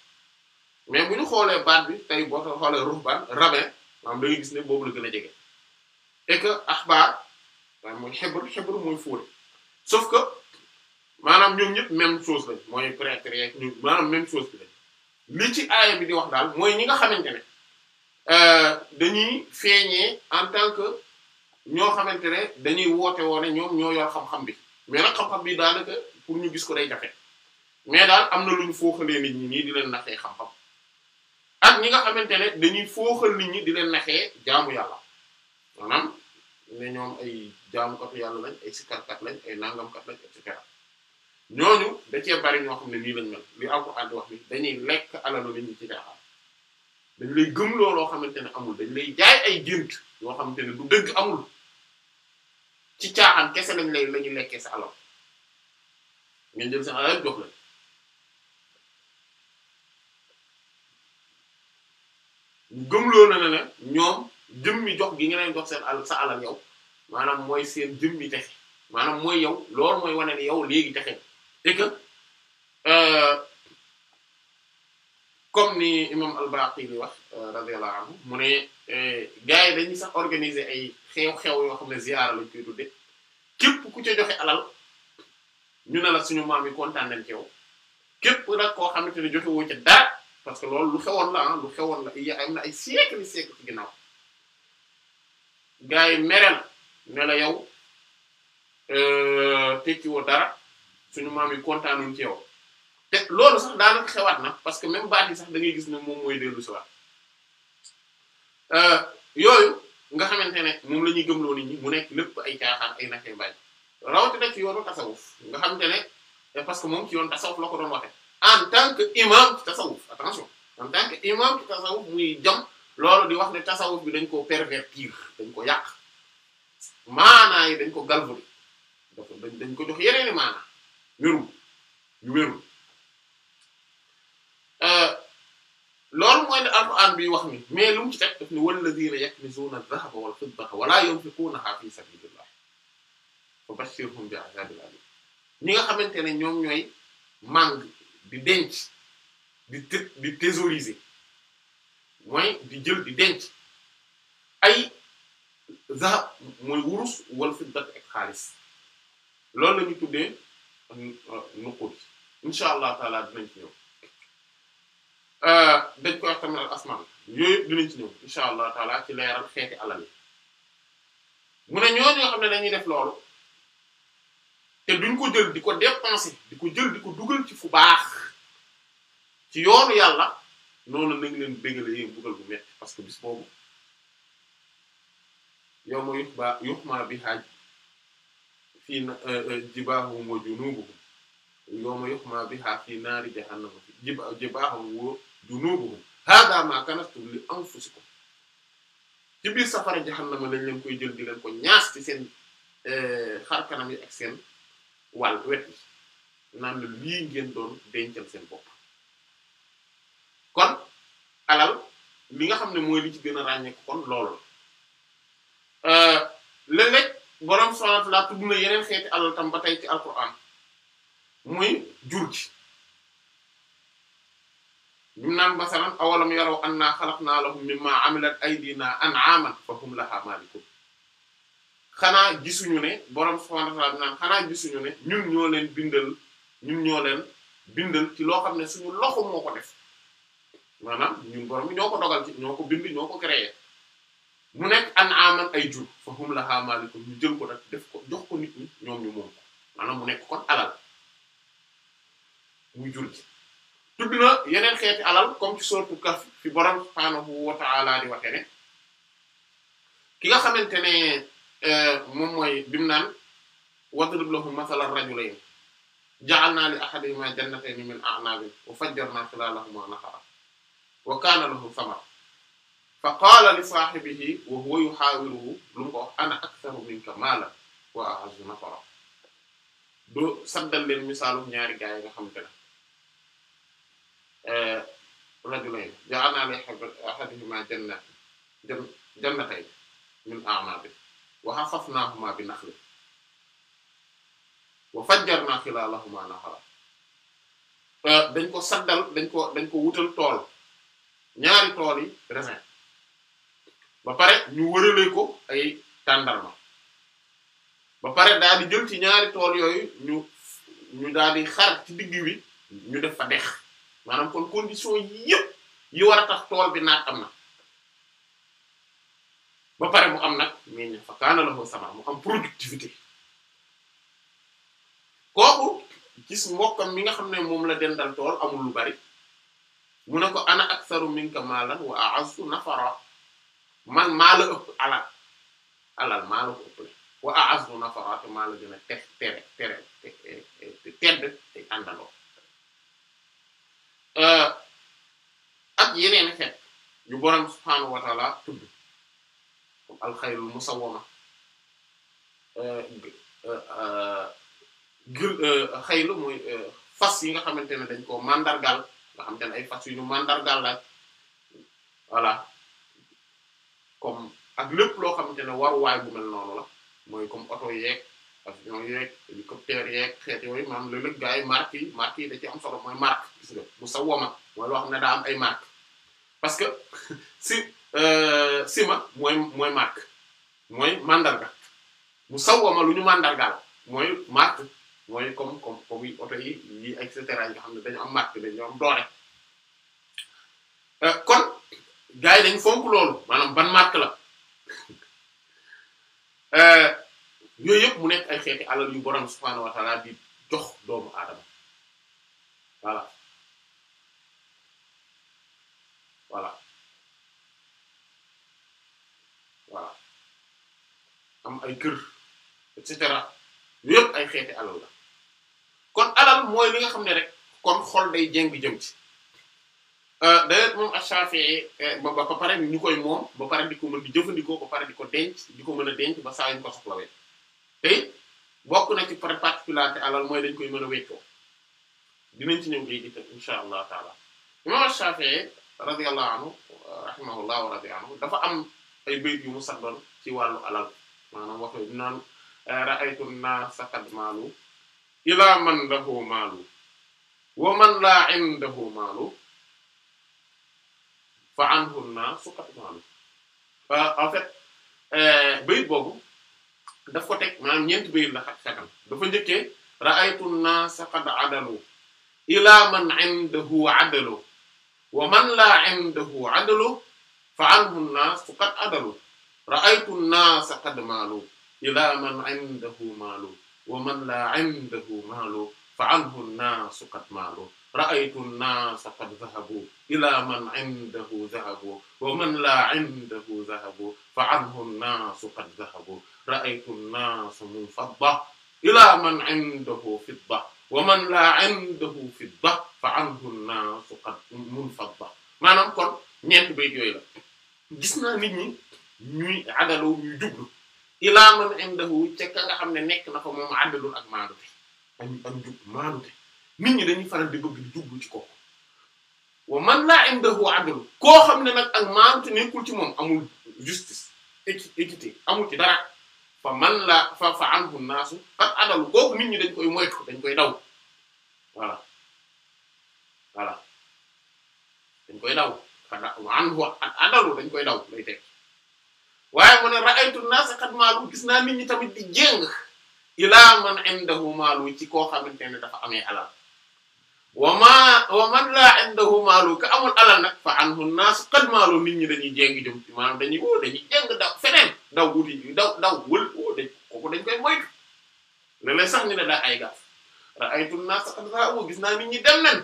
mais bu ñu xoolee baat bi tey boo ko xoolee ruhbaan rabbin maanaam da gis ne boobu la gën a jege et que axbaar waaye mooy xebru xebru mooy fóore sauf que maanaam ñoom ñëpp même chose lañ mooy prêtre maanaam même chose bi lañ li ci aaya bi di wax daal mooy ñi nga xamante ne euh, dañuy feeñee en tant que ñoo xamante ne dañuy woote woone ñoom ñoo yor xam-xam bi mais nag xam-xam bi daanaka pour ñu gis ko day jafe mais daal am na lu ñu fooxalee nit ñi nii di leen naxee ak ñi nga xamante ne dañuy fooxal nit ñi di leen naxee jaamu yàlla maanaam ne ñoom ay jaamukatu yàlla lañ ay sikarkat lañ ay nangamkat lañ et cetera ñooñu bari ñoo xam ne nii lañ mel li Alxuraan di wax ni dañuy lekk alalu nit ci jaaxal dañ lay gëm looloo xamante ne amul dañ lay jaay ay gént yoo xamante ne du dëgg amul ci caaxaan kese lañ lay la ñu lekkee sa alal nga jël sa alal jox la gëmloo na ne ne ñoom jëmmi jox gi nga leen jox seen alal sa alal yow maanaam mooy seen jëmmi texe maanaam mooy yow loolu mooy wane ne yow léegi texe et euh, comme ni imam al-Baqili wax euh, radiyallahu anhu mu ne euh, gars yi sax organiser ay xew-xew yoo xam ne ziyaara lañ koy tudde képp ku ca joxe alal ñu ne la suñu maam yi kontaan nañ ci yow képp nag koo xamante ne joxe woo ca dara parce que loolu lu xewoon la ah, lu xewoon la am na ay siècle siècle ginnaaw gars yi mere yow euh, tekki woo suñu maam yi kontaanuñ ci te loolu sax daanaka xewaat na parce que même baat yi sax da gis ne moom mooy dellu si waat euh, yooyu nga xamante ne moom la ñuy gëmloo nit ñi mu nekk lépp ay caaxaan ay naxee mbaaj rawatina ci yoonu tasawuf nga xam ne eh, parce que moom ci yoon tasawuf la ko doon waxe en tant que imam ci attention en tant que imam ci muy jam loolu di wax ne tasawuf bi dañ ko pervertir dañ ko yàq maanaa yi dañ ko galvaudé dafa dañ dañ ko jox yeneeni maanaa wérul yu wérul euh, loolu mooy ne alquran bi wax ni mais lu mu ci teg daf ni walladhina yaknizuna adh-dhahaba wal fiddata wa la yunfiqunaha fi sabilillah fa bashshirhum bi'adhabin alim ñi nga xamante ne ñoom ñooy màng di denc di di thésauriser mooy di jël di denc ay zahab mooy wurus wal fiddat ak xaalis loolu la ñu tuddee euh, nuqud insha allah taala dinañ ci ñëw Euh, dañ koy wax tamit al asmaan yooyu dinañ ci ñëw incha allah taala ci leeral xeeti alal yi mu ne ñooñu nga xam ne dañuy def loolu te duñ ko jël di ko dépenser di ko jël di ko dugal ci fu baax ci yoonu yàlla noonu nañ leen bégale yéen dugal bu metti parce que bis boobu yow ma yux ba yux ma bi haaj fii na euh, jibaahum junubuhum hada ma kanastum li anfusikum ci biir safara jahannama lañ leen koy jël di leen ko ñaas ci seen eh, xar kanam yi ak seen wàll wet yi naan la lii ngeen doon dencal seen bopp kon alal li nga xam ne mooy li ci gën a ràññeeku kon loolu la eh, léeg-léeg borom subhanahu wa ta'ala tudd na yeneen xeeti alal tam ba tey ci alquran muy jur gi bimu naan masalan awalam yaraw anna xalaqnaa lahum mimmaa amilat aydinaa an'aaman fa hum lahaa gisuñu ne borom subhaanahu wa ta'aala naan xanaa ci loo ne suñu loxo ko def maanaam ñun borom bi ko dogal ci ñoo ñoo ko créé mu nekk an'aaman ay jur fa hum lahaa maalikun ñu jël ko nag def ko jox ko nit ñi ñoom ñu moom maanaam mu nekk kon alal muy jur gi. tudd na yeneen xeeti alal comme ci sourate fi borom subhaanahu wa ta'ala di waxe ki nga xamante ne euh, moom mooy bim naan wadrib lahum mathalan rajulayn ja'alna li ahadihima jannatayn min a'nabin wa fajjarna khilalahuma nahara wa kana lahu thamara fa qaala li saahibihi wa huwa yuhaawiruhu lu mu ana aktharu minka maalan wa a'azzu nafara do saddal leen misaalum ñaari gaay yi nga rajulayni ja'alnaa li ahadihimaa jannatin jannatayn min a'naabin wa hafafnaahumaa bi naxlin wa fajjarnaa xilaalahumaa nahaaran dañ ko saddal dañ ko dañ ko wutal tool ñaari tool yi raisin ba pare ñu wërale ko ay tàndarma ba pare daal di jël ci ñaari tool yooyu ñu ñu daal di xar ci digg wi ñu def fa dex maanaam kon condition yëpp yi war tax tool bi naat am na ba pare mu am nag meññ fa kaana la ko sama mu am productivité kooku gis mbokkam mi nga xam ne moom la dendal tool amul lu bari mu ne ko ana aksaru minka maalan wa a'azzu nafara man maa ëpp alal alal maa la ko ëpp wa a'azzu nafara te maa la a tef tere tere tedd te àndandoo ak yeneen xeet yu borom subhaanahu wa taala tudd comme alxayrul musawwama gil xaylu muy fas yi nga xamante ne dañ koo mandargal nga xamante ne ay fas yu ñu mandargal la voilà comme ak lépp loo xamante ne waruwaay bu mel noonu la mooy comme oto yeeg. avion yeeg hélicoptère yeeg xeet yooyu maanaam léeg-léeg yi marques yi marques yi da ci am solo mooy marque mu sa woma mooy loo ne daa am ay marque parce que (laughs) si euh, sima mooy mooy marque mooy mandarga mu sa woma lu ñu mandargaal mooy marque mooy comme comme comme yi oto yi yi et yi xam ne dañu am marque dañu am doole euh, kon gars yi dañ fonk loolu maanaam ban marque la (laughs) euh, yooyu yëpp mu nekk ay xeeti alal yu borom subhaanahu wa ta'ala di jox doomu aadama voilà voilà am ay kër et cetera yooyu ay xeeti alal la kon alal mooy li nga xam ne rek kon xol day jeng bi jëm ci euh, d'ailleurs moom Ash-Shafi'i euh, ba ba pare ñu koy moom ba pare di ko mën di jëfandikoo ko pare di ko denc di ko mën a denc ba saa yu ñu ko soxlawee te bokk na ci particularité alal mooy dañ koy mën a weccoo dinañ ci ñëw léegi tam insha allah taala imam Shafi'i radiyallahu anhu rahimahullah wa radiya anhu dafa am ay bayt yu mu sax ci wàllu alal maanaam wax dëgg naan ra'aytu an-naasa qad ila man lahu maalu wa man laa fa anhu an-naasu qad maalu en fait eh, daf ko teg maanaam ñeenti bayit la xat xatam dafa njëkkee ra'aytu an-naasa qad adalu ila man indahu adalu wa man laa indahu adalu fa anhu an-naas qad adalu ra'aytu an-naasa qad maalu ila man indahu maalu wa man laa indahu maalu fa anhu an-naas qad maalu ra'aytu an-naasa qad dhahabu ila man indahu dhahabu wa man laa indahu dhahabu fa anhu an-naas qad dhahabu ra'aytu an munfadda ilaa man 'indahu wa man laa 'indahu fidda fa 'anhu an-naasu qad munfadda maanaam kon ñeent bayt yooyu la gis naa ni ñi ñuy adaloo ñuy jublu ilaa man 'indahu ca ka nga xam ne nekk na fa moom adalul ak maanute ak ak jub maanute ñi dañuy faral di bëgg di jublu ci kooku wa man la 'indahu adalul koo xam ci moom amul justice équité amul ci dara fa man la fa fa anhu naasu ak adalu kooku nit ñi dañ koy moytu dañ koy daw voilà voilà dañ koy daw anhu dañ koy daw lay teg waaye mu ra'aytu naasa qad maalu gis naa nit ñi tamit di jéng ilaa man indahu maalu ci koo xamante ne dafa amee alal wa ma wa man laa indahu maalu ka amul alal nag fa anhu naas qad maalu nit ñi dañuy jéng jëm ci maanaam dañuy wóor dañuy jéng daw feneen daw wuti kooku dañ koy moytu léeg-léeg sax ñu ne daa ay gaaf ra'aytu an-naasa qad zaa'u gis naa nit ñi dem nañ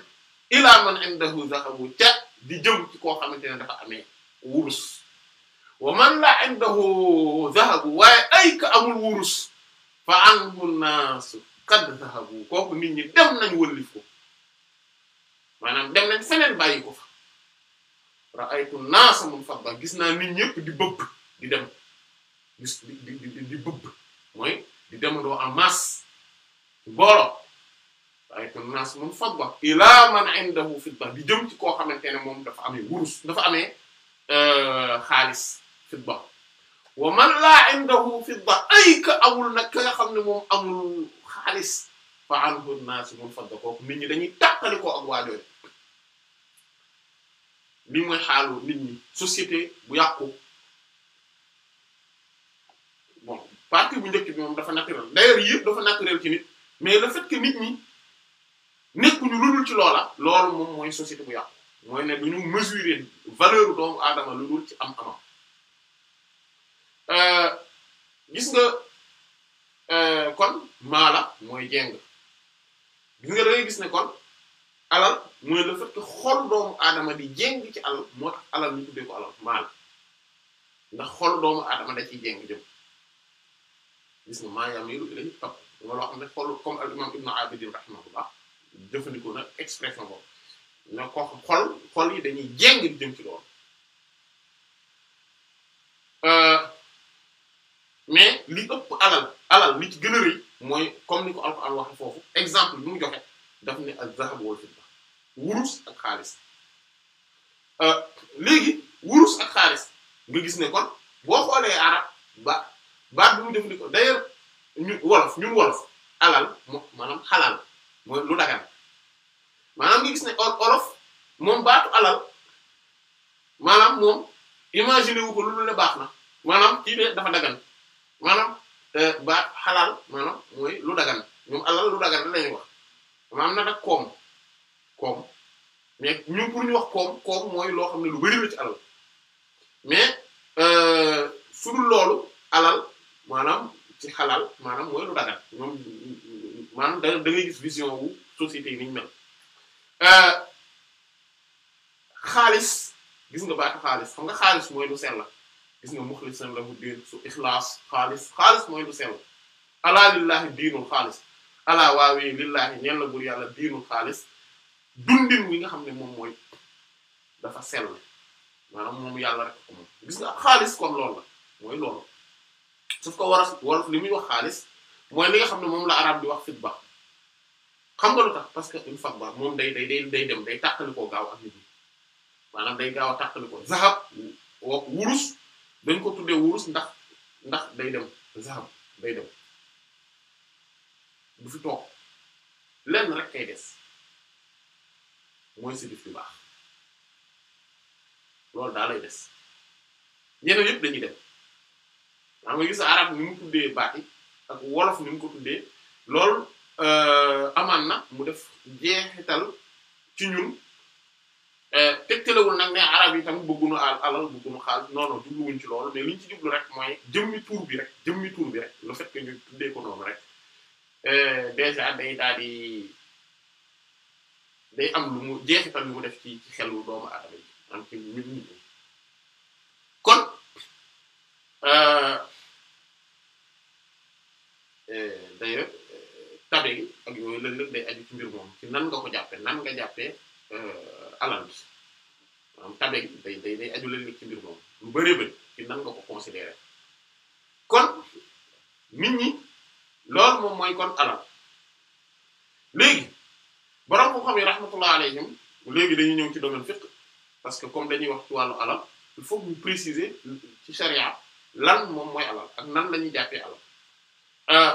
ilaa man indahu zahabu ca di jëm ci koo xamante ne dafa amee wurus wa man laa indahu zahabu waaye ay ka amul wurus fa anhu an-naasu qad zahabu kooku nit ñi dem nañ wëllif ko maanaam dem nañ feneen bàyyi ko fa ra'aytu an-naasa munfadda gis naa nit ñëpp di bëpp di dem gis di di di bëpp mooy di demandoo en masse booloo waaye kon naas moom fag ilaa man jëm koo xamante ne moom dafa amee wurus dafa amee euh, xaalis fidda wa man laa indahu fidda ay ka amul nag ka nga xam ne moom amul xaalis fa anhu naas mun fadda kooku nit ñi dañuy tàqali koo ak waa jooju li mooy nit ñi société bu yàqu partie bu njëkk bi moom dafa naturel d'ailleurs yëpp dafa naturel ci nit mais la fait que nit ñi nekkuñu lu dul ci loola loolu moom mooy société bu yàqu mooy ne duñu mesurer valeur doomu aadama lu dul ci am amam euh, gis nga euh, kon maala mooy jeng gis nga ne kon alal mooy le fait que xol doomu aadama di jéng ci alal moo tax alal ñu tuddee ko alal maala ndax xol doomu aadama da ciy jéng gis nga maa yamiilu ilayhi topp dama loo xam ne xool comme al imam ibnu abidin rahimahullah jëfandikoo na expression boobu ne ko xol xol yi dañuy jéng di jëm ci loolu euh, mais li ëpp alal alal li ci gën a mooy comme ni ko alxuraan waxe foofu exemple bi mu joxe daf ne az-zahab wal fidda wurus ak xaalis euh, léegi wurus ak xaalis nga gis ne kon boo xoolee arab ba baat bi mu jëfandikoo d'ailleurs ñu wolof ñun wolof alal moom maanaam xalaal mooy lu dagan maanaam nga gis ne olof moom baatu alal maanaam moom imaginer wu ko lu ne baax na maanaam kii de dafa dagan maanaam euh, baat xalaal maanaam mooy lu dagan ñoom alal lu dagan lañuy wax maanaam na nag koom koom mais ñu pour ñu wax koom koom mooy loo xam ne lu bari la ci alal mais euh, su dul loolu alal maanaam ci xalaal maanaam mooy lu dagat ñoom maanaam da da gis vision wu société yi niñu mel euh, xaalis gis nga baatu xaalis xam nga xaalis mooy lu sell gis nga muxlisan lahu diin su ixlaas xaalis xaalis mooy lu sell alaa lillahi diinul xaalis alaa waawee lillahi ñeen la bur yàlla diinul xaalis dundin wi nga xam ne moom mooy dafa sell maanaam moom yàlla rek ko moom gis nga xaalis kon loolu la mooy loolu su ko war a wolof li muy wax xaalis mooy li nga xam ne moom la arab di wax fitba xam nga lu tax parce que une fitba moom day day day day dem day tàqalikoo gaaw ak nit ñi maanaam day gaaw a tàqalikoo zahab wurus dañ ko tuddee wurus ndax ndax day dem zahab day dem du fi toog lenn rek kay des mooy si dif bi baax loolu daal lay des ñeneen yëpp dañuy dem xam nga gis arab ni mu tuddee baat ak wolof ni mu ko tuddee lool euh, amaan na mu def jeexital ci ñun euh, tegtalewul nag ne arab yi tam bëgguñu al alal bëgguñu xaalis non non jubluwuñ ci loolu mais liñ ci jublu rek mooy jëmmi tuur bi rek jëmmi tuur bi rek le fait que ñu tuddee ko noonu rek euh, déjà day daal di day am lu mu jeexital lu mu def ci ci xelu doomu aadama yi kon Euh, d'ailleurs euh, tabe gi ak yooyu la lëg day aju ci mbir moom ci nan nga ko jàppee nan nga jàppee euh, alal bi maanaam tabe gi day day day aju lëg-lëg ci mbir moom lu bëree bëri ci nan nga ko considérer kon nit ñi loolu moom mooy kon alal léegi borom ko xam yi rahmatullah léegi dañuy ñëw ci domaine fiqh parce que comme dañuy wax ci wàllu alal il faut que ñu préciser ci charia lan moom mooy alal ak nan la ñuy jàppee alal Euh,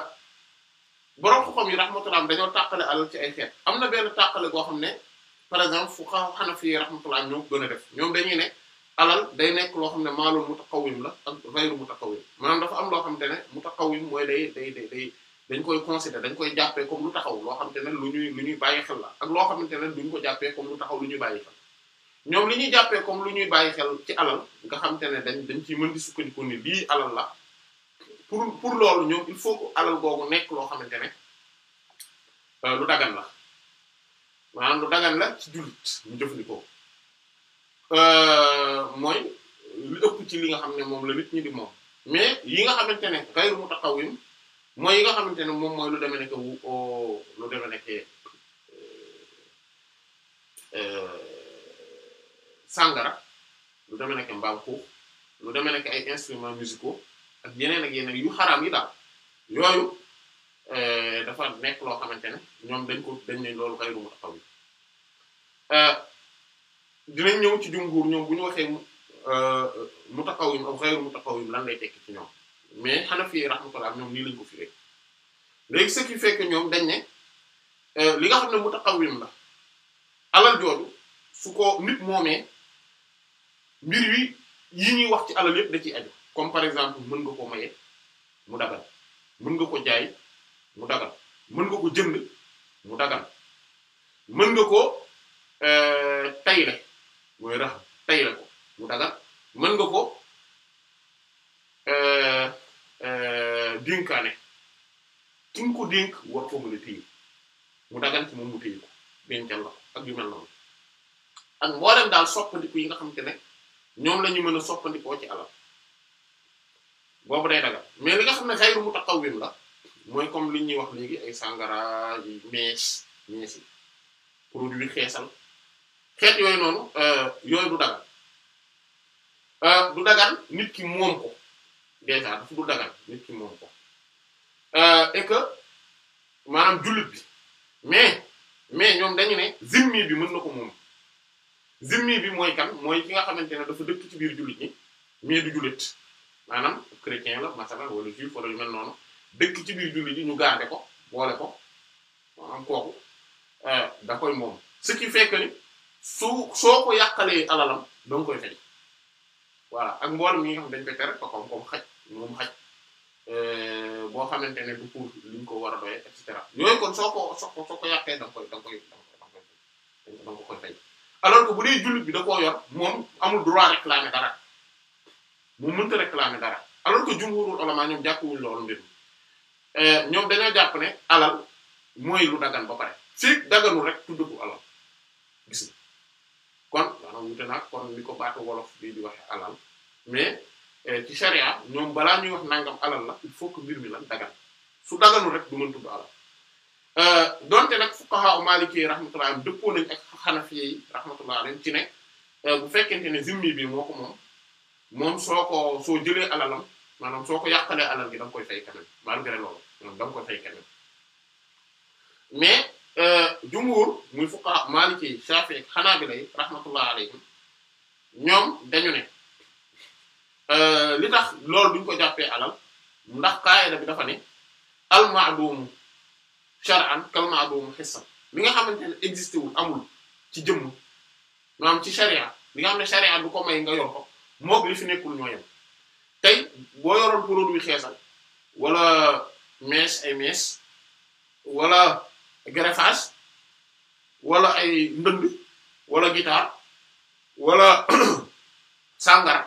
borom xam-xam yi rahmatullah am dañoo tàqale alal ci ay xeet am na benn tàqale goo xam ne par exemple fuqaha hanafi rahmatullah am ñoo gën a def ñoom dañuy nekk alal day nekk loo xam ne maalul mutaqawwim la ak ghayru mutaqawwim maanaam dafa am loo xam te ne mutaqawwim mooy day day day day dañ koy considérer dañ koy jàppee comme lu taxaw loo xam te ne lu ñuy lu ñuy bàyyi xel la ak loo xamante ne duñ ko jàppee comme lu taxaw lu ñuy bàyyi xel ñoom li ñuy jàppee comme lu ñuy bàyyi xel ci alal nga xam te ne dañ dañ ciy mën di sukkandiku ni lii alal la pour pour loolu ñoom il faut que alal googu nekk loo xamante ne euh, lu dagan la maanaam lu dagan la ci jullit ñu jëfandikoo euh, mooy lu ëpp ci li nga xam ne moom la nit ñi di moom mais yi nga xamante ne xayru mutaqawwim mooy yi nga xamante ne moom mooy lu demee nekk lu demee nekk euh, sangara lu demee nekk mbaam xuux lu demee nekk ay instruments musicaux ak yeneen ak yeneen yu xaraam yi daal yooyu eh, dafa nekk loo xamante ne ñoom dañ ko dañ ne loolu xayru mutaqawwi eh, dinañ ñëw ci jumhuur ñoom bu ñu waxee eh, mutaqawwim aw xayru mutaqawwim lan lay tekki ci ñoom mais Hanafi rahmatullah ñoom nii lañ ko firee léegi ce qui fait que ñoom dañ ne li nga xam ne mutaqawwim la alal jooju su ko nit moomee mbir wi yi ñuy wax ci alal yépp da ciy aju comme par exemple mën nga koo maye mu dagal mën nga ko jaay mu dagal mën nga ko jënd mu dagal mën nga ko euh, tayle mooy rax tayle mu dagal mën nga ko euh, euh, dénkaane ki nga ko dénk war ko mën téye mu dagal ci moom mu téye ko dencal ak yu mel noonu ak mboolem daal soppandiku yi nga xamante ne ñoom la ñu mën a soppandikoo ci alal boobu day dagal mais li nga xam ne xayru mutaqawwim la mooy comme li ñuy wax léegi ay sangara yi mees mees yi produit noonu euh, yooyu du dagal euh, du dagal nit ki moom ko déjà dafa euh, maanaam jullit bi mais mais ñoom dañu ne zimmi bi mën na ko moom zimmi bi mooy kan mooy ki nga xamante ne dafa dëkk ci biir jullit ñi mais du jullit maanaam chrétien la masalan wala juif wala noonu dëkk ci biir julli ji ñu garder ko boole ko maanaam kooku euh, da moom ce qui fait que ni su soo ko nga ak mboolem yi nga xam dañ koy tere ko comme comme xaj moom xaj euh, boo xamante ne du pour li ko war a doyee et cetera yooyu kon soo ko soo ko yàqee da koy da koy da nga koy bu dee jullit bi da koo yor moom amul droit réclamer dara. mu mënta réclamer dara alors que jumhurul ulama ñoom loolu mbir eh, ñoom dañoo jàpp ne alal mooy lu dagan ba pare fii daganul rek tudd ko alal gis nga kon maanaam wute naa kon ni ko baatu wolof bii di waxe alal mais eh, ci sharia ñoom balaa ñuy wax nangam alal la il faut que mbir mi lan dagan su daganul rek du mën tudd alal eh, donte nag fuqaha maliki rahmatullah dëppoo nañ ak ci ne bu fekkente ne zimmi bi moo ko moom moom soo ko soo jëlee alalam maanaam soo ko yàqalee alal gi da nga koy fay quand même malgré loolu moom da nga koy fay quand même mais euh, jumhur muy fuqaha maliki shafi'i hanabila rahmatullah alayhim ñoom dañu ne euh, li tax loolu duñ ko jàppee alal ndax kaayida bi dafa ne al ma'dum shar'an kal bi nga xamante ne existé wul ci jëmm maanaam ci sharia li nga xam ne sharia du ko may nga yor ko moo li fi nekkul ñoo yem tey boo yoroon xeesal wala mèche ay mèche wala greffage wala ay ndënd wala guitare wala (clears throat) sàngara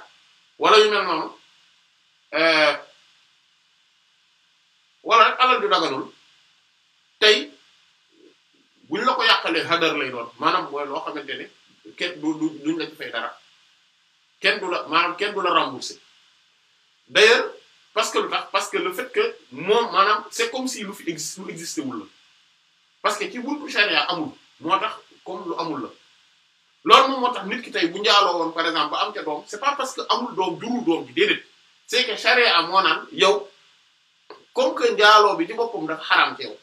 wala yu mel noonu euh, wala alal du daganul tey buñ la ko yàqalee hadar lay doon maanaam mooy loo xamante ne kenn du duñ la ci fay dara kenn du la maanaam kenn du la remboursé d'ailleurs parce que lu tax parce que le fait moom maanaam c'est comme si lu fi existe lu existé wul la parce que ci buntu charia amul moo tax comme lu amul la loolu moom moo tax nit ki tey bu njaaloo woon par exemple ba am ca doom c'est pas parce que amul doom jurul doom ji déedéet c'est que charia moo naan yow comme que njaaloo bi ci boppam dafa xaram ci yow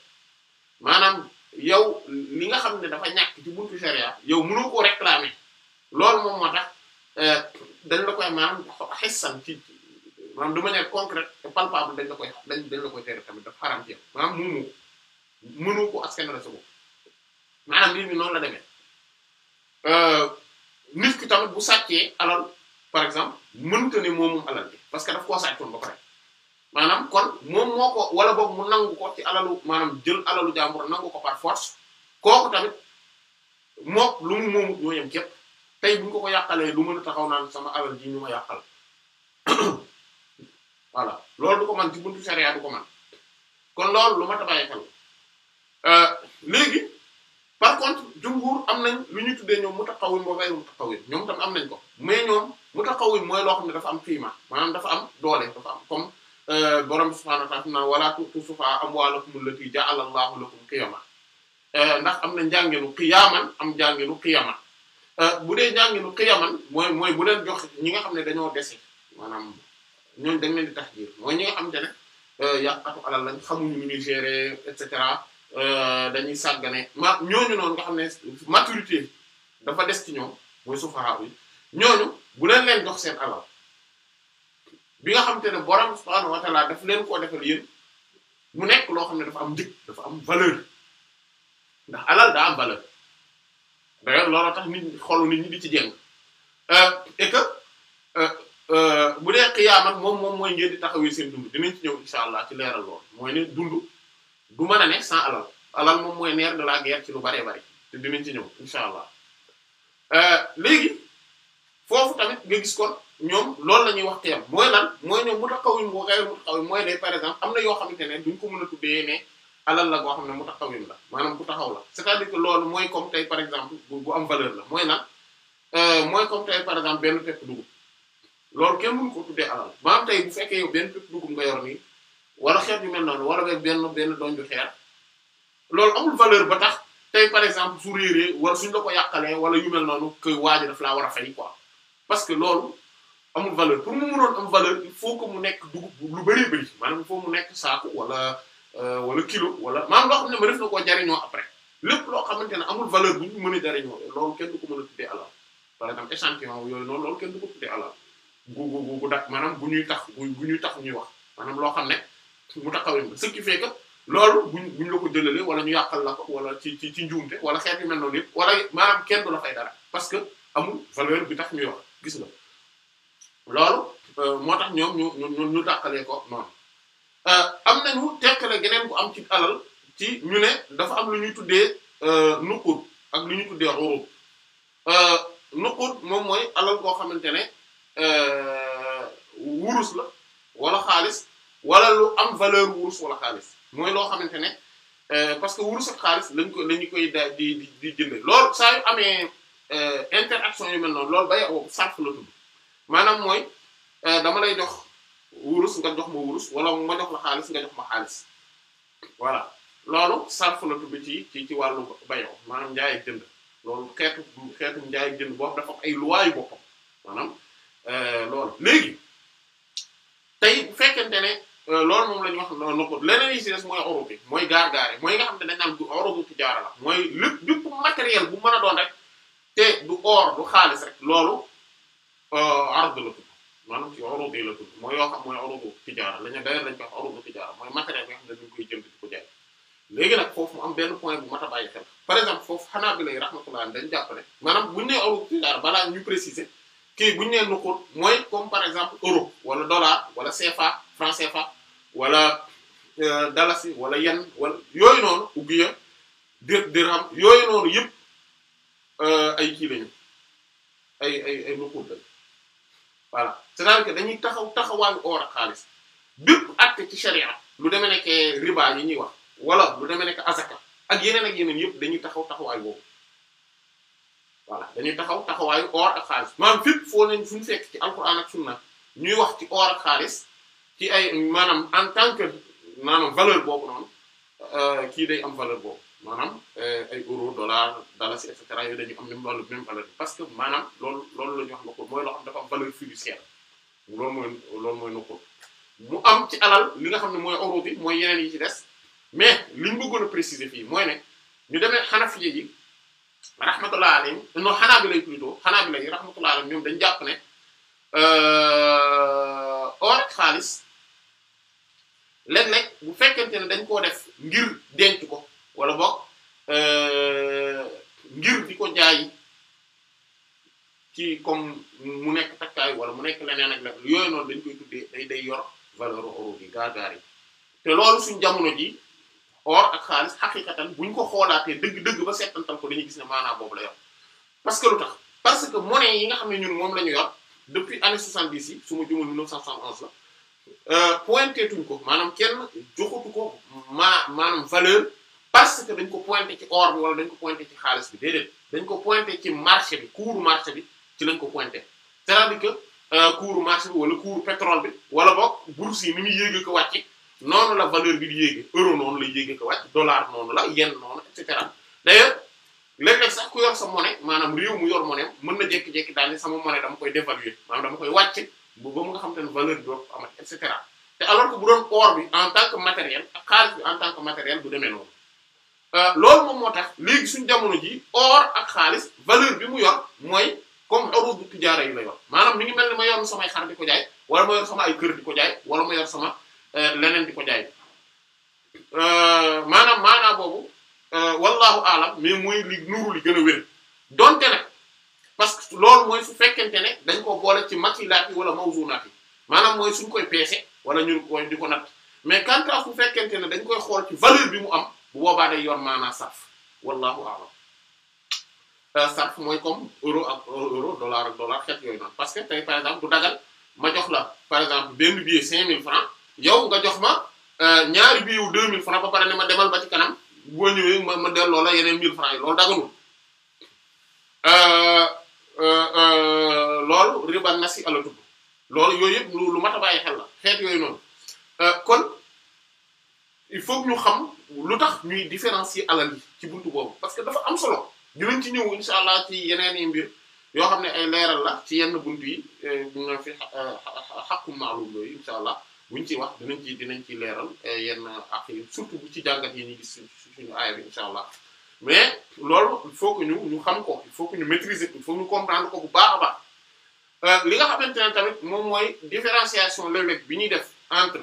maanaam yow li nga xam ne dafa ñàkk ci buntu charia yow mënoo koo réclamer Euh, dañ la koy maanaam xessan ci maanaam de manière concrète dañ la koy dañ dañ la koy tere tamit dafa mënu ko askan la noonu la demee euh, nit ki tamit bu sàccee alal par exemple mënta ne moom bi parce que daf koo sàccoon ba pare maanaam kon moom moo ko wala boog mu nangu ko ci alalu maanaam jël alalu jàmbur nangu ko par force kooku tamit mook lu mu moomut ñoo yem tey bu ñu ko ko yàqalee du mën a taxaw naan sama alal ji ñu ma yàqal (coughs) voilà loolu du ko man ci buntu sharia du ko man kon loolu lu ma tabaayee xel euh, léegi par contre jumhur am nañ lu ñu tuddee ñoom mutaqawwim ba bayru mutaqawwim ñoom tam am nañ ko mais ñoom mutaqawwim mooy loo xam ne dafa am fiima maanaam dafa am doole dafa am comme euh, borom subhaanahu wa ta'aala wala tu'tu sufahaa'a amwaalakum allatii ja'ala Allahu lakum qiyaama euh, ndax am na njànginu qiyaaman am njànginu qiyaama Euh, bu dee jànginu qiyaman mooy mooy bu leen jox ñi nga xam ne dañoo dese maanaam ñooñu dañ leen di tax jiir mooy ñi nga xam te ne euh, yàqatu alal lañ xamuñu ñu ñuy gérer et cetera euh, dañuy sàggane ma ñooñu noonu nga xam ne maturité dafa des ci ñoom mooy sufaha yi ñooñu bu leen leen jox seen alal bi nga xam te ne borom subhaanahu wa ta'ala daf leen koo defal yéen mu nekk loo xam ne dafa am njëg dafa am valeur ndax alal daa am valeur d'ailleurs looloo tax nit ñi xolu nit ñi di ci jeng euh, et que euh, euh, bu dee xiyaama moom moom mooy ngeen di taxawee seen dund dinañ ci ñëw insha allah ci leeral lool mooy ne dund du mën a ne sans alal moom mooy nerf de la guerre ci lu baree bari te dinañ ci ñëw insha allah léegi foofu tamit nga gis kon ñoom loolu la ñuy wax xiyam mooy lan mooy ñoom mu taxawuñ mu xëy mu taxawuñ mooy ne par exemple am na yoo xamante ne duñ ko mën a tuddee ne. alal la goo xam ne mu la maanaam ku taxaw la c'est-à-dire que loolu mooy comme tey par exemple bu am valeur la mooy nag euh, mooy comme tey par exemple benn pepp dugub loolu kenn mënu ko tuddee alal maanaam tey bu fekkee yow benn pepp dugub nga yor nii wala xeet mel noonu wala benn benn benn doon ju xeer loolu amul ba tax tey par exemple su réeree wala suñ la ko yàqalee wala yu noonu que waa daf laa war a fay quoi parce que loolu amul valeur pour mu mënoon am valeur il faut mu nekk dugub lu bëree bëri maanaam il mu nekk saako wala. Euh, wala kilo wala maanaam loo xam ne ma def na koo jariñoo après lépp loo xamante ne amul valeur bu ñu mën a jariñoo loolu kenn du ko mën alal par exemple échantillon yooyu noonu loolu kenn du ko tuddee gu gu gu gu dak maanaam bu ñuy tax bu bu ñuy tax ñuy wax maanaam loo xam ne mu taxawee ce qui fait loolu buñ buñ la ko jëlalee wala ñu yàqal la wala ci ci ci njuumte wala xeet yu mel noonu yëpp wala maanaam kenn du la fay dara parce que amul valeur bi tax ñuy wax gis nga loolu euh, moo tax ñoom ñu ñu dàqalee tàqalee ko noonu. Euh, am nañu tekkale geneen bu am ci alal ci ñu ne dafa am lu ñuy tuddee euh, nuqud ak lu ñuy tuddee urub euh, nuqud moom mooy alal koo xamante ne wurus la wala xaalis wala lu am valeur wurus wala xaalis mooy loo xamante ne parce que wurus ak xaalis lañ ko lañu koy da di di di lool loolu saa yu amee interaction yu mel noonu loolu bay sarf la tudd maanaam mooy dama lay jox wurus nga jox ma wurus wala ma jox la xaalis nga jox ma xaalis voilà loolu sarf la tudd ci ci ci wàllu bayoo maanaam njaay ak jënd loolu xeetu xeetu njaay ak jënd boobu dafa am ay luwaayu boppam maanaam euh, léegi tey bu fekkente ne euh, loolu moom la ñu wax noko yi ci des mooy orub bi mooy gaar-gaare mooy nga xam ne dañ naan du orubu tijaara la mooy lépp lépp matériel bu mën a doon rek te du or du xaalis rek loolu euh, ard la maanaam ci uruud yi la tudd mooy yoo xam mooy uruudu tijaara lañu d'ailleurs lañu ko mooy matériel bi nag foofu mu benn point bu mat a bàyyi xel par exemple foofu xanaa bi lay rahmatullah dañu jàpp ne maanaam buñu nee uruudu tijaara balaa ñu préciser kii buñu nee nuqud mooy comme par exemple euro wala dollar wala CFA franc CFA wala euh, dalasi wala yen wala yooyu noonu ugiya dir dirham yooyu noonu yëpp euh, ay kii ay ay ay waa cest à dañuy taxaw taxawaayu or ak xaalis bépp acte ci sharia lu demee nekk riba yi ñuy wax wala lu demee nekk azaka ak yeneen ak yeneen yëpp dañuy taxaw taxawaayu boobu voilà dañuy taxaw taxawaayu or ak xaalis maanaam fépp foo leen fu ñu fekk ci alquran ak sunna ñuy wax ci or xaalis ci ay maanaam en tant que maanaam valeur boobu noonu euh, kii day am valeur boobu maanaam euh, ay euro dollar dalasi et cetera yooyu dañu am même valeur même valeur parce que maanaam loolu loolu la ñuy wax nuqul mooy loo xam dafa am valeur fiduciaire loolu mooy loolu mooy nuqul mu am ci alal li nga xam ne mooy euro bi mooy yeneen yi ci des mais li ñu bëggoon a fii mooy ne ñu demee Hanafiya yi rahmatullah alayhim non Hanabila plutôt Hanabila yi rahmatullah alayhim ñoom dañ jàpp ne euh, or ak xaalis léeg-léeg bu fekkente ne dañ koo def ngir denc ko wala boog euh, ngir di ko jaay ci comme mu nekk takkaay wala mu nekk leneen ak leneen yooyu noonu dañ koy tuddee day yor valeur oro yi gaagaar yi te loolu suñ jamono ji or ak xaalis bu ñu ko xoolaatee dëgg-dëgg ba seetantal ko dañuy gis ne maanaa boobu la yor parce que lu tax parce que monnaie yi nga xam ne ñun moom la ñu yor depuis année 70 yi su ma jumul 1971 la euh, pointetuñ ko maanaam kenn joxutu ko maa maanaam valeur parce que dañ ko pointé ci or bi wala dañ ko pointé ci xaalis bi déedéet dañ ko pointé ci marché bi cours marché bi ci lañ ko pointé cest à ko que euh, cours marché bi wala cours pétrole bi wala boog bourse yi ni muy yéege ko wàcc noonu la valeur bi di yéege euro noonu la yéege ko wàcc dollar noonu la yen noonu et cetera d'ailleurs léeg sax ku yor sa monnaie maanaam réew mu yor monnaie mën na jékki-jékki daal sama monnaie dama koy dévaluer maanaam wàcc ba ba mu xam te ne valeur bi doo ko amat et cetera te alors que bi en tant que matériel ak xaalis tant matériel bu demee noonu Euh, loolu moom moo tax léegi suñ jamono ji or ak xaalis valeur bi mu yor mooy comme urud bu tijaara yi la yor maanaam mi ngi mel ni ma yor samay ko jaay wala ma yor sama ay kër di ko jaay wala ma yor sama euh, leneen di ko jaay euh, maanaam maanaam boobu wallahu alam mais mooy li nuru li gën a wér donte nag parce que loolu mooy su fekkente ne dañ ko boole ci matilaat yi wala mawzunaat yi maanaam mooy suñ koy peese wala ñu koy di ko natt mais quant à su fekkente ne dañ koy xool ci valeur bi mu am bu boobaa yoon yor maanaa sarf wallahu a'lam euh, sarf mooy comme euro ak euro dollar dollar xeet yooyu noonu parce que tey par exemple bu dagal ma jox la par exemple benn billet 5000 francs yow nga jox ma euh, ñaari billet wu 2000 francs ba pare ne ma demal ba ci kanam boo ñëwee ma ma delloo la yeneen 1000 francs yi loolu daganul euh, loolu riba nasi ala tudd yooyu yëpp lu lu mat a bàyyi xel la xeet yooyu noonu kon. il faut que ñu xam lu tax ñuy différencier alal yi ci buntu boobu parce que dafa am solo dinañ ci ñëw insha allah ci yeneen i mbir yoo xam ne ay leeral la ci yenn buntu yi eh, ñu fi xaqu eh, maalum yooyu insha allah ci wax dinañ ci dinañ ci leeral eh, yenn ak surtout bu ci jàngat yi ñu gis suñu aaya allah mais loolu il faut que ñu ñu xam ko il faut que ñu maîtriser il faut que ñu comprendre ko bu baax a baax euh, li nga xamante ne tamit moom mooy différenciation léeg bi ñuy def entre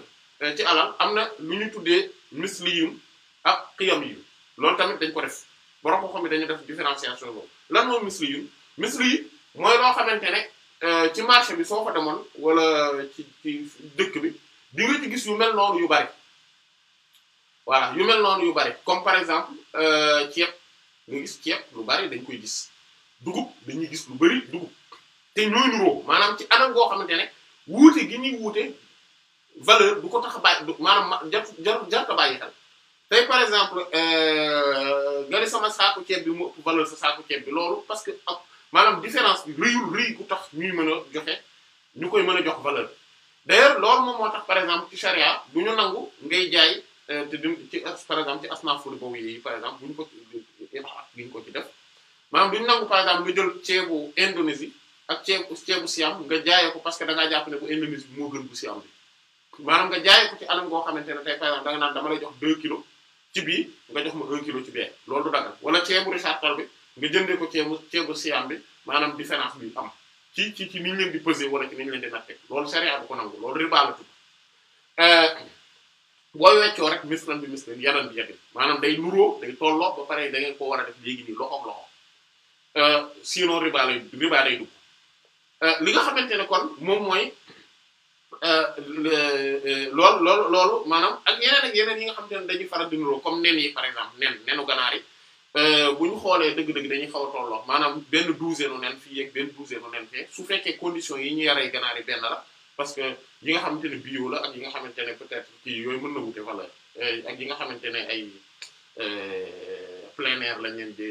ci alal am na lu ñu tuddee misliyun ak yi loolu tamit dañ ko def borom ko xam ne dañu def différenciation boobu lan moom misliyun misli mooy loo xamante ne euh, ci marché bi soo ko demoon wala ci dëkk bi di nga ci gis yu mel noonu yu bari voilà yu mel noonu yu bari comme par exemple euh, ceeb nga gis ceeb lu bari dañ koy gis dugub dañuy gis lu bari dugub te ñooy nuroo maanaam ci anam goo xamante ne wuute gi ñuy wuute valeur du ko tax a bàyyi du maanaam jar jar jarta bàyyi xel tey par exemple euh, nga ne sama saaku ceeb bi mu ëpp valeur sa saaku ceeb bi loolu parce que ak maanaam différence bi rëyul rëy tax ñuy mën a joxe ñu koy mën a jox valeur d'ailleurs loolu moom moo tax par exemple ci charia du ñu nangu ngay jaay euh, te du ci par exemple ci asnaaful boobu yi par exemple bu ñu ko bi ñu ko ci def maanaam du ñu nangu par exemple nga jël ceebu Indonésie ak ceebu ceebu Siam nga jaayee ko parce que da jàpp ne bu Indonésie moo gën bi maanaam nga jaay ci anam goo xamante ne tey par exemple naan dama lay jox 2 kilos ci bii nga jox ma 1 kilo ci bee loolu du dagal wala ceebu risaatal bi nga jëndee ko ceebu ceebu siyaam bi maanaam différence bi am ci ci ci ni ñu leen di peser wala ci ni ñu leen di natte loolu sariya bu ko nangu loolu riba la tudd euh, booy weccoo rek mislan bi mislan yanan bi yadin maanaam day nuroo day tolloo ba pare dangeen koo war a def léegi nii loxoom loxo euh, sinon riba lay riba euh, ne kon moom mooy Euh, euh, euh, loolu loolu loolu maanaam ak yeneen yi nga xam te ne dañuy faral di niroo comme nen yi par exemple nen nenu ganaar yi bu ñu xoolee dëgg-dëgg dañuy xaw a tolloo maanaam benn douzaine nu nen fii ak benn douzaine nu nen fee su fekkee conditions yi ñu yaray ganaar yi benn la parce que yi nga xamante ne bio la ak yi nga xamante ne peut-être kii yooyu na wute valeur ak yi nga xamante ne ay plein air lañ leen di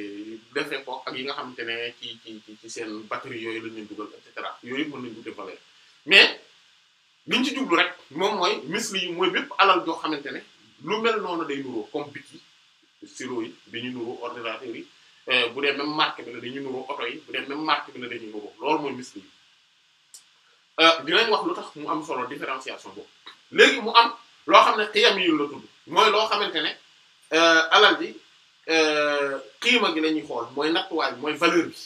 defee ko ak yi nga xamante ne ci ci ci seen batterie yooyu lañ leen dugal et cetera yooyu mën nañ wute valeur mais liñ ci jublu rek moom mooy misli yi mooy bépp alal joo xamante ne lu mel noonu day nuroo comme bic yi stylo yi dañuy nuroo ordinateur yi euh, bu dee même marque bi la dañuy nuroo oto yi bu dee même marque bi la dañuy nuroo loolu mooy misli yi euh, dinañ wax lu tax mu am solo différenciation boobu léegi mu am loo xam ne xiyam yi la tudd mooy loo xamante ne euh, alal bi xiima gi la ñuy xool mooy nattuwaay mooy valeur bi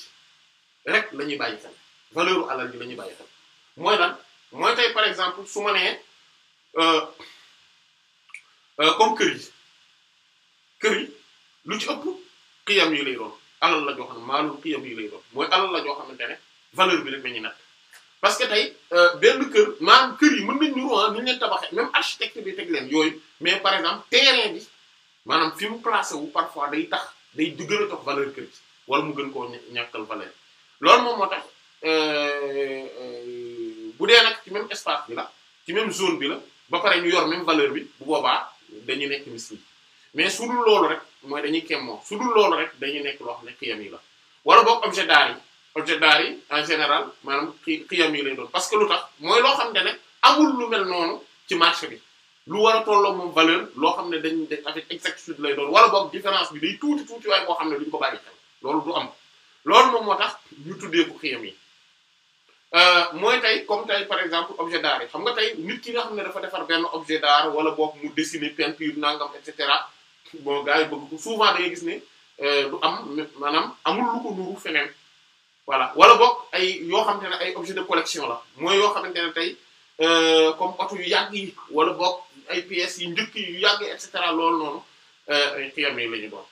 rek la ñuy bàyyi xel valeur alal bi la ñuy bàyyi mooy tey par exemple su ma nee euh, euh, comme kër yi kër yi lu ci ëpp xiyam yi lay doon alal la joo xam ne maalul yi lay doon mooy alal la joo xamante ne valeur bi rek la ñuy parce que tey euh, benn kër maanaam kër yi mën nañ ñu ah ni ñu tabaxee même architecte bi teg leen yooyu mais par exemple terrain maanaam fi mu placé wu parfois day tax day du gën a tax valeur kër wala mu gën koo ñàkkal valeur loolu moom moo tax. bu dee nag ci même espace bi la ci même zone bi la ba pare ñu yor même valeur bi bu boobaa dañuy nekk misli mais su dul loolu rek mooy dañuy kemmoo su dul loolu rek dañuy nekk loo xam ne xiyam yi la wala boog objet d'art yi objet yi en général maanaam xiyam yi lay doon parce que lu tax mooy loo xam ne amul lu mel noonu ci marché bi lu war a tolloo moom loo xam ne dañ dañ avec lay doon wala boog différence bi day tuuti tuuti waaye boo xam ne duñ ko bàyyi xel loolu du am loolu moom moo tax ñu tuddee ko xiyam yi Euh, mooy tey comme tey par exemple objet d'art yi xam nga tey nit ki nga xam ne dafa defar benn objet d'art wala boog mu dessiner peinture nangam et cetera bon gars yi bëgg ko souvent day gis ne euh, du am maanaam amul lu ko nuru feneen voilà wala boog ay yoo xam ne ay objet de collection la mooy yoo xamante ne tey euh, comme oto yu yàgg yi wala book ay pièces yu njëkk yu yàgg et lool noonu ay xiyamee la ñu doon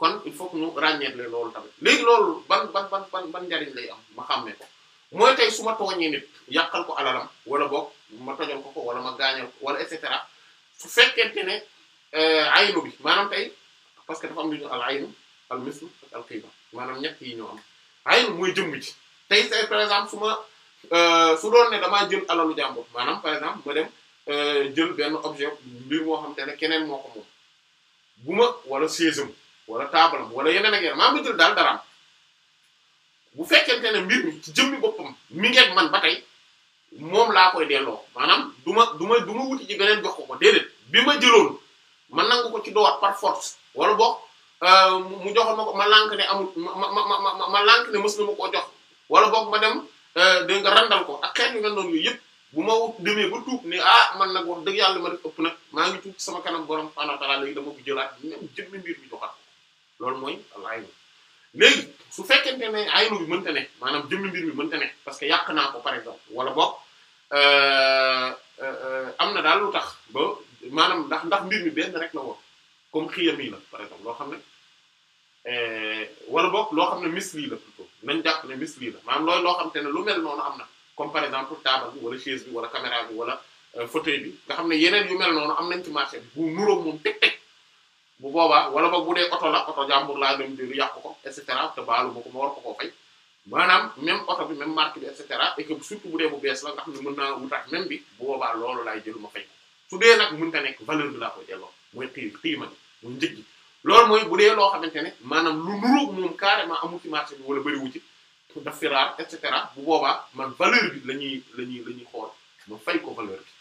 kon il faut que ñu ràññeetle loolu tamit léegi loolu ban ban ban ban ban lay am ma ko mooy tey su ma tooñee yàqal ko alalam wala boog ma tojal ko ko wala ma gaañal wala et cetera su fekkente ne euh, aynu bi maanaam tey parce que dafa am lu ñu al aynu al misl ak al qiima maanaam ñett yi am aynu mooy jëmm ci tey tey par exemple su euh, su doon ne damaa jël alalu jàmbur maanaam par exemple ma dem euh, jël benn objet mbir moo xam te keneen moo ko moom ma wala séesam wala taabalam wala yeneen ak yeneen maa ma jël daal daraam bu fekkente ne mbir mi ci jëmmi boppam mi ngeeg man ba tey moom laa koy delloo maanaam du ma du ma du ma wuti ci beneen jox ko ko déedéet bi ma jëloon ma nangu ko ci doowaat par force wala boog euh, mu joxoon ma ko ma lànk ne amul ma ma ma ma lànk ne mës na ma koo jox wala boog ma dem euh, dégg nga randal ko ak xeet yu mel noonu yëpp bu ma demee ba tuub ne ah man nag wax dëgg yàlla ma def ëpp nag maa ngi tuub sama kanam borom subhaanahu wa ta'aala léegi dama ko jëlaat jëmmi mbir bi joxaat loolu mooy léegi su fekkente ne aynu bi mënta ne maanaam jëmmi mbir mi mënta ne parce que yàq naa ko par exemple wala boog euh, euh, am na daal lu tax ba maanaam ndax ndax mbir mi benn rek la woon comme xiyam yi la par exemple loo xam ne euh, wala boog loo xam ne mis lii la plutôt nañ ne mis lii la maanaam loo xam te lu mel noonu am na comme par exemple table wala chaise bi wala caméra bi wala fauteuil bi nga xam ne yeneen yu mel noonu am nañ ci marché bi bu moom teg bu boobaa wala boog bu dee oto la oto jàmbur laa dem jël yàq ko et cetera te baalu ma ko ma war ko koo fay maanaam même oto bi même marque bi et cetera surtout bu dee bu bees la nga xam ne mën naa wutaat même bi bu boobaa loolu laay jël ma fay ko su dee nag mënta nekk valeur bi laa koy delloo mooy xii xiima gi mooy njëg gi loolu bu dee loo xamante ne maanaam lu nuróog moom carrément amul ci marché bi wala bëriwu ci daf fi raar et cetera bu boobaa man valeur bi la ñuy la ñuy la ñuy xool ma fay ko valeur bi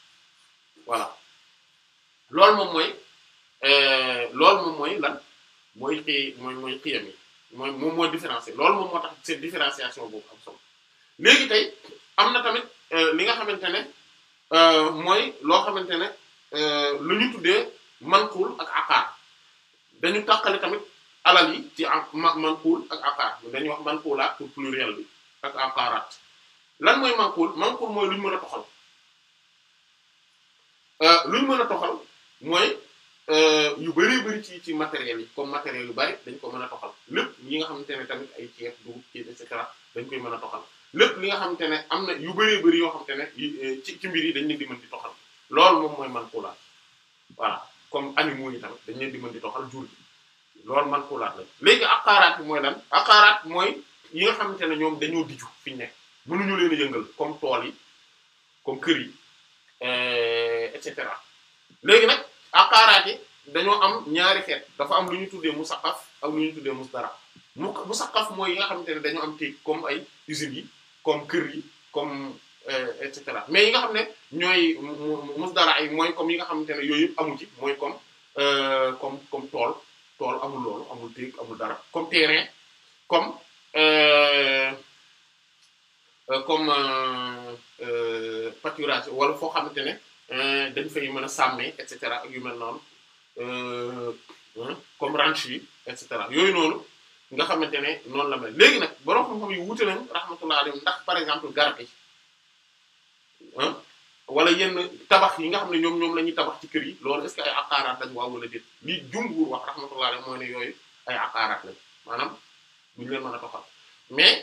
voilà loolu moom mooy Euh, loolu moom mooy lan mooy xii mooy mooy xiyam yi moom mooy différencier loolu moom moo tax seen différenciation boobu am solo léegi tey am na tamit euh, li nga xamante ne euh, mooy loo xamante ne lu ñu tuddee man manqul ak aqaar dañu tàqale tamit alal yi ci manqul ak aqaar dañuy wax manqulaat pour pluriel bi ak aqaaraat lan mooy manqul manqul mooy lu ñu mën a toxal lu mën a toxal mooy Euh, yu bari bari ci ci matériels yi comme matériels yu bari dañ ko mën a toxal lépp yi nga xamante ne tamit ay ceeb dugub ceeb et cetera dañ mën a toxal lépp li nga xamante ne am na yu bari bari yoo xamante ne euh, ci ci mbir yi dañ leen di mën di toxal loolu moom mooy manqulaat voilà comme animaux yi tamit dañ leen di mën di toxal jur gi loolu manqulaat la léegi aqaaraat bi mooy lan aqaaraat mooy yi nga xamante ne ñoom dañoo dijju fi ñu nekk mënuñu leen a yëngal comme tool yi comme kër yi euh, et cetera léegi nag. aqaaraate dañoo am ñaari xeet dafa am lu ñu tuddee musaqaf ak lu ñu tuddee mustarab mu musaqaf mooy yi nga xamante ne dañoo am téeg comme ay usines yi comme kër yi comme euh, et cetera mais yi nga xam ne ñooy musdara ay mooy comme yi nga xamante ne yooyu yëpp amu ci mooy comme euh, comme comme tool tool amul loolu amul téeg amul dara comme terrain comme euh, comme pâturage wala foo xamante ne Euh, dañ fay mën a sàmmee et cetera ak yu mel noonu euh, comme ranch yi et cetera yooyu noonu nga xamante ne noonu la mel léegi nag borom xam-xam yi wute nañ rahmatullah alayhi ndax par exemple garab yi wala yenn tabax yi nga xam ne ñoom ñoom la ñuy tabax ci kër yi loolu est-ce que ay aqaaraat lañ waaw wala déet li jumbuur wax rahmatullah alayhi mooy ne yooyu ay aqaaraat lañ maanaam duñ leen mën a toxal mais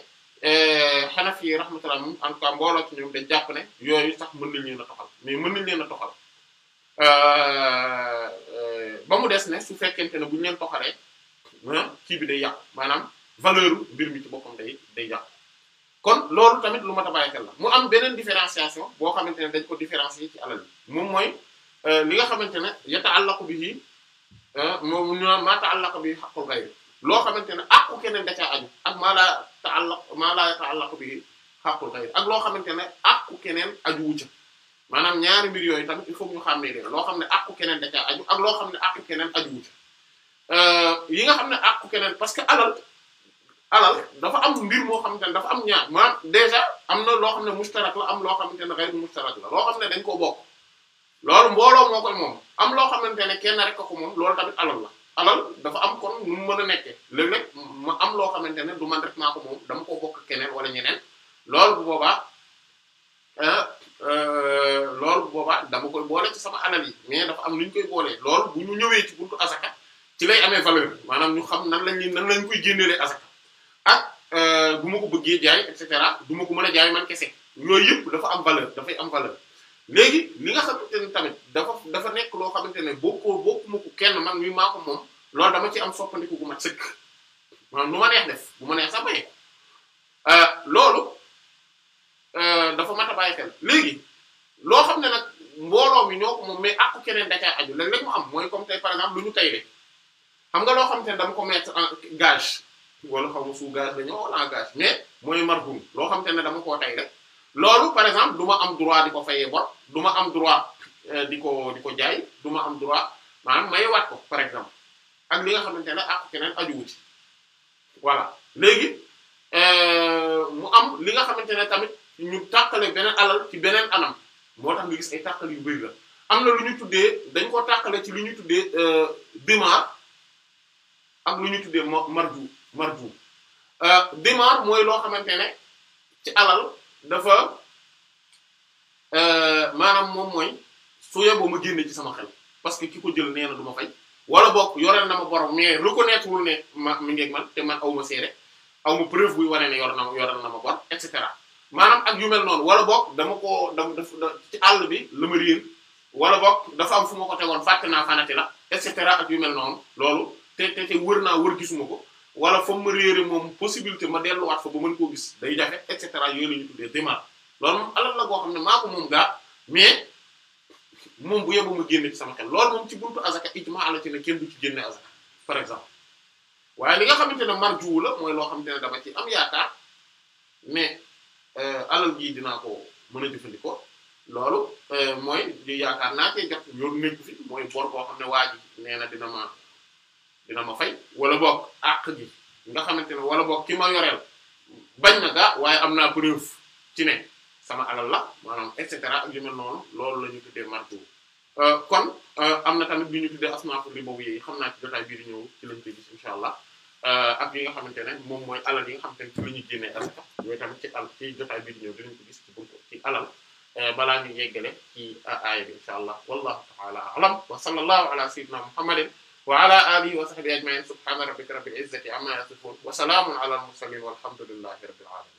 xanafi eh, yi rahmatullah moom en tout cas mbooloo dañ jàpp ne yooyu sax mën nañ leen a toxal mais mën nañ leen a euh, euh, ba mu des ne su fekkente ne bu ñu leen toxalee ah, kii bi day yàqu maanaam valeur mbir mi ci boppam day day yàqu kon loolu tamit lu mat a bàyyi xel la mu am beneen différenciation boo xamante ne dañ ko différencier ci alal bi moom mooy euh, li nga xamante ne yata'allaqu bihi ah, moom ñu ma ta'allaqu bihi haqqul ghayr loo xamante ne àqu ah keneen da caa aju ak maa laa ta'allaq maa laa ta'allaq bi haqqul ak loo xamante ne àqu ah keneen aju wu ca maanaam ñaari mbir yooyu tamit il faut ñu xam ne loo xam ne àqu ah keneen da caa aju ak loo xam ne àqu keneen aju wu ca euh, yi nga xam ne àqu keneen parce que alal alal dafa am mbir moo xamante ne dafa am ñaar maanaam déjà am na loo xam ne mustarak la am loo xamante ne ghayr mustarak la loo xam ne dañ koo bokk loolu mbooloo moo koy moom am loo xamante ne kenn rek ko moom loolu tamit alal la. alal dafa am kon nu mu mën a nekkee léeg-léeg ma am loo xamante ne du man rek maa ko moom dama ko bokk keneen wala ñeneen loolu bu boobaa ah, euh, loolu boobaa dama koy boole ci sama yi mais dafa am lu ñu koy boolee loolu bu ñu ñëwee ci buntu asaka ci lay amee valeur maanaam ñu xam nan lañ nan lañ koy génnelee asaka ak euh, bu ma ko bëggee jaay et cetera du ma ko mën a jaay man kese yooyu yëpp dafa am valeur dafay am valeur léegi li nga xamante tamit dafa dafa nekk loo xamante ne bokkoo bokkuma ko kenn man mi maako ko moom loolu dama ci am soppandiku gu mat sëkk maanaam lu ma neex def bu ma neex sax baye euh, loolu euh, dafa mat bàyyi xel léegi loo xam ne nag mbooloo mi ñoo ko moom mais àqu keneen da caa aju léeg-léeg mu am mooy comme tey par exemple lu ñu tey de xam nga loo xam te ne dama ko mettre en gage wala xaw ma suu gage dañoo wala en gage mais mooy marhum loo xam te ne dama koo tay rek loolu par exemple du ma am droit di ko fayee bor du ma am droit euh, di ko di ko jaay du ma am droit maanaam may waat ko par exemple ak li nga xamante ne ak keneen ajuwu ci voilà léegi euh, mu am li nga xamante ne tamit ñu tàqale beneen alal ci beneen anam moo tax nga gis ay tàqale yu bëri la am na lu ñu tuddee dañ koo tàqale ci lu ñu tuddee euh, démar ak lu ñu tuddee mardu mardu euh, démar mooy loo xamante ne ci alal dafa maanaam moom mooy su yeboo ma génne ci sama xel parce que ki ko jël nee na du fay wala bokk yoreel na ma borom mais lu ko nekkul ne ma mi ngeeg man te man aw ma seere aw ma preuve buy wane ne yor na ma yoreel na ma et cetera maanaam ak yu mel noonu wala bokk dama koo dama def ci àll bi la ma réer wala bokk dafa am fu ma ko tegoon fàtte naa fanati la et cetera ak yu mel noonu loolu te te te wër naa wër gisuma ko wala fa ma réere moom possibilité ma delluwaat fa ba mën koo gis day jafe et cetera yooyu la tuddee démarre loolu moom alal la boo xam ne maa ko moom gaa mais. moom bu yóbbu ma génne ci sama xel loolu moom ci buntu azaka ijmaa la ci ne kenn ci génne azaka par exemple waaye li nga xamante ne marjuu la mooy loo xamante ne dama ci am yaakaar mais euh, alal gii dinaa ko mën a jëfandikoo loolu euh, mooy yaakaar naa cee jot yoon nañ ko fi mooy bor boo xam ne waa ji nee na dina ma dina ma fay wala boog àq gi nga xamante ne wala boog ki ma yoreel bañ na gaa waaye am naa preuve ci ne. sama alal la maanaam et cetera ak yu mel noonu loolu la ñu tuddee marju euh, kon euh, am na tamit bi ñu tuddee asnaafu ribawi yi xam naa ci jotaay bii di ñëw ci lañ koy gis incha allah euh, xamante ne moom mooy alal yi nga xamante ne ñuy génnee asaka yooyu ci al ci jotaay bii di ñëw dinañ ko gis ci buntu ci alal balaa ñu yeggale ci aaya bi incha allah wallahu ta'ala a'lam wa sallallahu ala sayyidina muhammadin wa ala alihi wa sahbihi ajma'in subhana rabbika rabbil izzati amma yasifun wa salamun ala al mursalin walhamdulillahi rabbil alamin